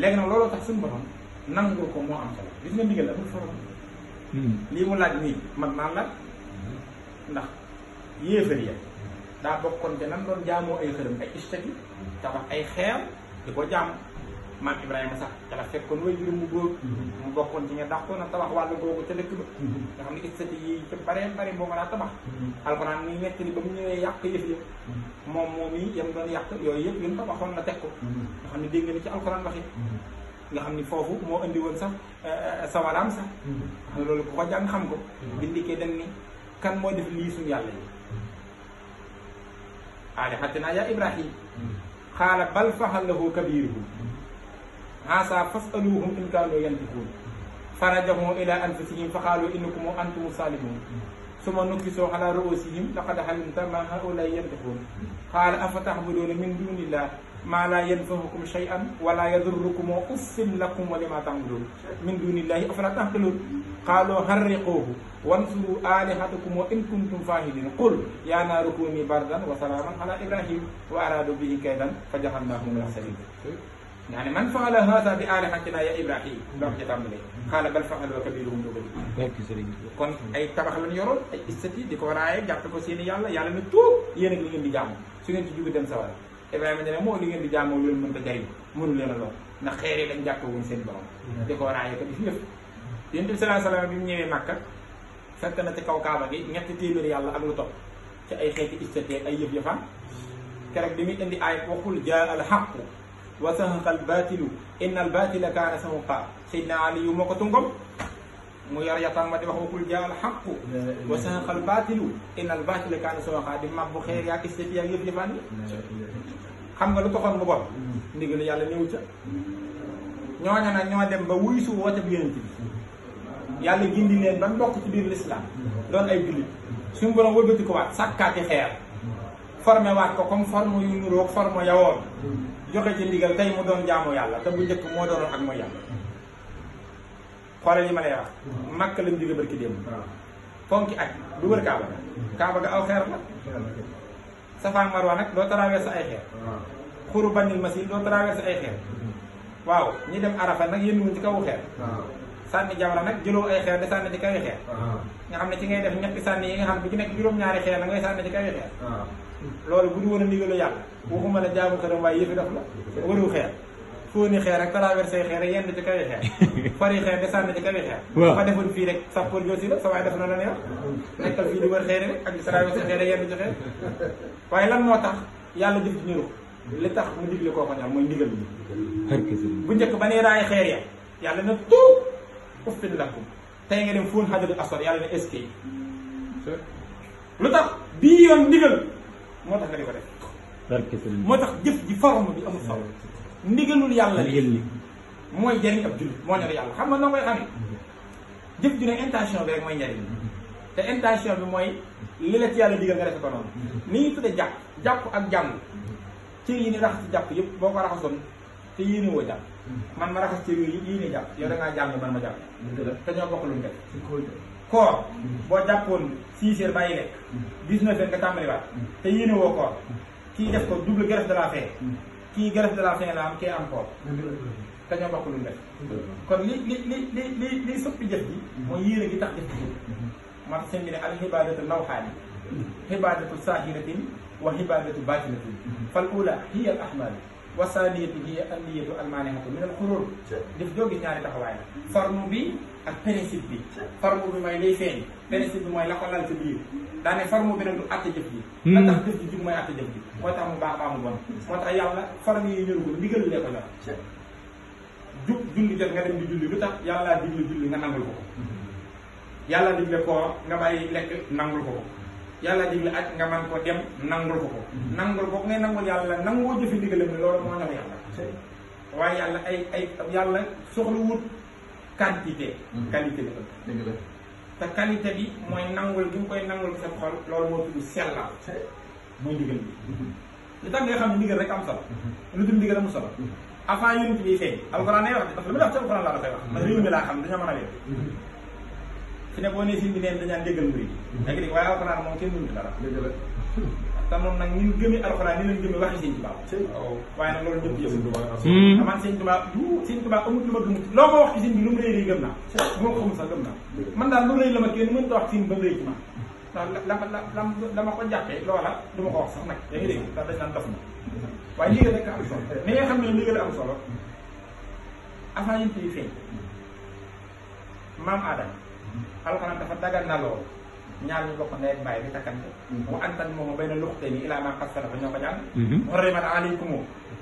léegi nag looloo tax suñu borom nangul ko moo am ma gis nga ndigal amul forom lii mu laaj nii man naa la ndax yéefar ya daa bokkoon te nan doon jaamoo ay xërëm ay istati tabax ay xeer di ko jaam maam Ibrahima sax ca la fekkoon way jur mu góor mu bokkoon ci nga dàqoon a tabax wàllu googu ca dëkk ba nga xam ne istati yi ca bare bare boo ko daa tabax alxuraan ni nekk ni ba mu ñëwee yàq yëf yëpp moom moom yi yam doon yàq yooyu yëpp yun tabaxoon na teg ko nga xam ne dégg nga ci alxuraan waxi nga xam ni foofu moo indi woon sax eh, eh, sawaraam sax loolu ku xam ko mm-hmm. kan mooy def lii suñu yàlla yi alihatina yaa ibrahim xaala bal faxalahu kabiruhu asa fasaluhum in kaanu yantikuun farajahu ila anfusihim fa xaalu innakum antum salimun suma nukkisoo ala ruusihim laqad xalimta ma haulay yantikuun xaala afa taxbuduuna min dunillah maa laa yanfa'ukum shay'an wa laa yadurrukum wa uffin lakum wa limaa ta'buduun min duunillaahi afalaa ta'qiluun qaaluu harriquuhu wansuruu aalihatakum wa in kuntum faa'iiliin qul yaa naaru kuunii bardan wa salaaman alaa ibraahiim wa araaduu bihi kaydan fajaʿalnaahum minal axsariin yaani man faala haada bi aalihatinaa yaa Ibrahim ndox ci tàmbalee. xaala bal faaluhu kabiiruhum loolu. kon ay tabax lañ yoroon ay istati di ko raayee jàpp ko seen i yàlla yàlla na tuub yéen ak li ngeen di jaamu su ngeen ci jugu dem sawara Ibrahima ne moo li ngeen di jaamoo loolu mënta jariñ mënu leen a lor ndax xeer yi seen borom mm-hmm. di ko raaye ko di lépp yéen bi salaa salaam bi mu ñëwee fekk na ci kaw kaaba gi ñetti téeméer yàlla ak lu topp ci ay ay ya bi indi waxul al wa al inna al baatila kaana sahuqa Seydina Ali yu ko tungom mu yar yatam ma di wax waxul al wa al inna al baatila kaana sahuqa di mabbu xeer yaa istati yaa xam nga lu taxoon mu bon mm. ndigal yàlla néew ca ñooñu nag ñoo dem ba wuy su woote bi yonent bi yàlla gindi leen ba mbokk ci biir lislaam mm. doon ay jullit suñu borom wëlbati ko waat sàkkaati xeer mm. formé waat ko comme forme yu nuroog forme yawoon joxe ci ndigal tey mu doon jaamu yàlla te bu njëkk moo doonoon ak mooy yàlla xoolal yi ma lay wax màkk lañ jóge barki démb ah. fonki ak du wër kaaba kaaba ga aw xeer la Safa Marwa nag doo traversé ay xeer. Ah. xuru banil masil doo traversé ay xeer. Hmm. waaw ñi dem Arafa nag yënduwuñ ci kawu xeer. Ah. sànni jamra nag jëloo ay xeer di sànni ci kawi xeer. Ah. nga xam ne ci ngay def ñetti sànni yi nga xam ne ci nekk juróom-ñaari xeer la ngay sànni ci kawi xeer. loolu bu ñu war a ndigalu yàlla. waxuma la jaamu këram waaye yëfi daf la. wëru xeer. كوني خيرك ترى غير سي خير يا نتا كاي خير فري خير دسا نتا كاي خير فا ديفول في رك صافور جوتي لا سوا ديفنا لا نيا نتا في دو خير ني اك سرا وي خير يا نتا خير واي لان موتاخ يالا ديف نيو لي تاخ مو ديبلي كوكو نيا موي نديغال بي بو نك باني راي خير يا يالا نا تو اوفيل لاكم تاي غي ديم فون حاجه الاسور يالا ني اسكي لوتاخ بي يون نديغال موتاخ لي ديف
ركز موتاخ
جيف دي ndigalul yàlla li mooy jariñ ab jullit moo ñor yàlla xam nga noo koy xamee mm-hmm. jëf ju ne intention bi rek mooy njariñ mm-hmm. te intention bi mooy li la ci yàlla digal nga def ko noonu mm-hmm. ni ñuy tudde jàpp jàpp ak jàmm cër yi ni raxas ci jàpp yëpp boo ko raxasoon te yéene woo jàpp man ma raxas cër yooyu yéene jàpp yow da ngaa man ma jàpp te bokk lu mu def koor boo jàppoon six heures bàyyi lekk dix-neuf heures nga tàmbaliwaat te yéene koor كي جرف لا خيال عام كي ام بو كان يبقى كل الناس كون لي لي لي لي لي لي سوف يجي دي مو ييري ما تسمي على عباده النوحاني عباده الساهره وعباده الباطنه فالاولى هي الاحمال wasaaniyatu hiya anniyatu almaanihatu a alxurur def doo gis ñaari taxawaay la forme bi ak principe bi forme bi mooy liy feeñ principe bi mooy la ko lal ci biir daane forme bi nag du jëf ji hmm. la tax jëf ji jub mooy àtte jëf ji moo tax mu baax baamu bon moo tax yàlla forme yi ñëru ko ndigal li ko jub julli jot nga dem di julli lu tax yàlla digle julli nga nangul ko ko hmm. yàlla digle koor nga bàyyi lekk nangul ko yàlla digle ak nga man ko dem nangul ko ko mhm. nangul ko ngay nangul yàlla nangoo jëfi ndigalam mi loolu moo yàlla waaye yàlla ay ay yàlla soxla wut quantité mhm. qualité bi te qualité bi mooy nangul bi nga koy nangul sa xol loolu moo tudd sellal mooy ndigal bi mhm. li tax nga xam ndigal rek am solo lu dul ndigal amu solo avant yonent bi feeñ alxuraan ay wax dafa lu mu def ci alxuraan laa la koy man réew mi dañoo mën fi ne boo nee film bi neen dañaan déggal mbir yi. da nga dégg moom kenn mënut dara. dëgg la. te moom nag ñu gëmee ni lañ gëmee waxi waaye nag loolu ñëpp yëpp. amaan sëñ Tuubaa du sëñ Tuubaa amul lu ma gëmut loo ko wax ci sëñ bi mu rëy rëy naa. bu ma ko xamul sax gëm naa. man daal lu rëy la ma kenn mënut a wax sëñ ba rëy ci ma. Mm-hmm. ndax la la la ma ko jàppee loola du ma ko wax sax nag. da nga dégg mm-hmm. ndax dañ naan dof na. waaye ndigal rek am solo ni mm-hmm. nga xam ne ndigal alxuraan dafa dagandaloo ñaar ñu bokk ndey ak baay bi takkante mhm. wa antan moom bayna luxtayni ilaa maa qad salafa ñoo ko jàng xurrimat mhm. alaykum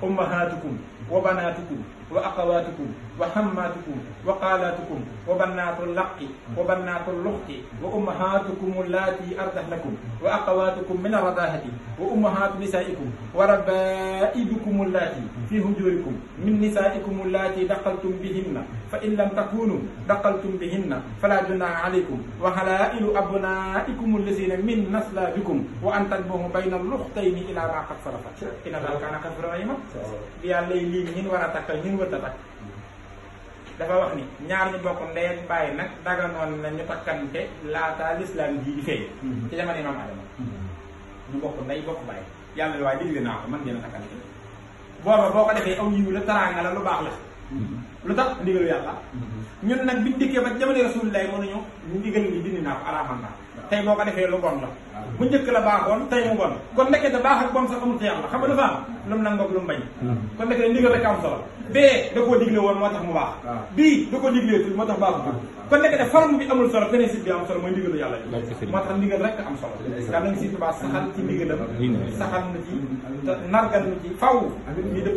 ummahatukum wa banatukum وأخواتكم وحماتكم وقالاتكم وبنات اللق وبنات اللخت وأمهاتكم اللاتي لكم وأخواتكم من الرضاعة وأمهات نسائكم وربائبكم اللاتي في هجوركم من نسائكم اللاتي دخلتم بهن فإن لم تكونوا دخلتم بهن فلا جناح عليكم وحلائل أبنائكم الذين من نسلابكم وأن تنبهوا بين اللختين إلى ما قد صرفت إن الله كان قد رحيما yàlla lii ñun war a ba ta dafa wax ni ñaar ñu bokk ndey ak bàyyi nag daganoon na ñu takkante laata lislaam jii di feeñ mm-hmm. ci jamono imaam adama mm-hmm. ñu bokk ndey bokk bàyyi yàlla la digle naa ko man dina takkante booba boo ko aw yiw la taraanga la lu baax la
mm-hmm.
lu tax ndigalu ñun nag biñ dikkee ba rasulullah ñu ni ko tey boo ko defee lu bon la bu njëkk la baaxoon tey mu bon kon nekkete baax ak bon sax amul ci yàlla xam nga dafa am lu mu nangoog lu mu bañ kon nekkete ndigal rek am woon moo tax mu baax ah. bii da koo digleetul moo tax baaxul kon nekkete forme bi amul solo principe bi am solo mooy ndigalu yàlla bi moo tax ndigal rek am solo daal nañ si ci
faw ñu dëpp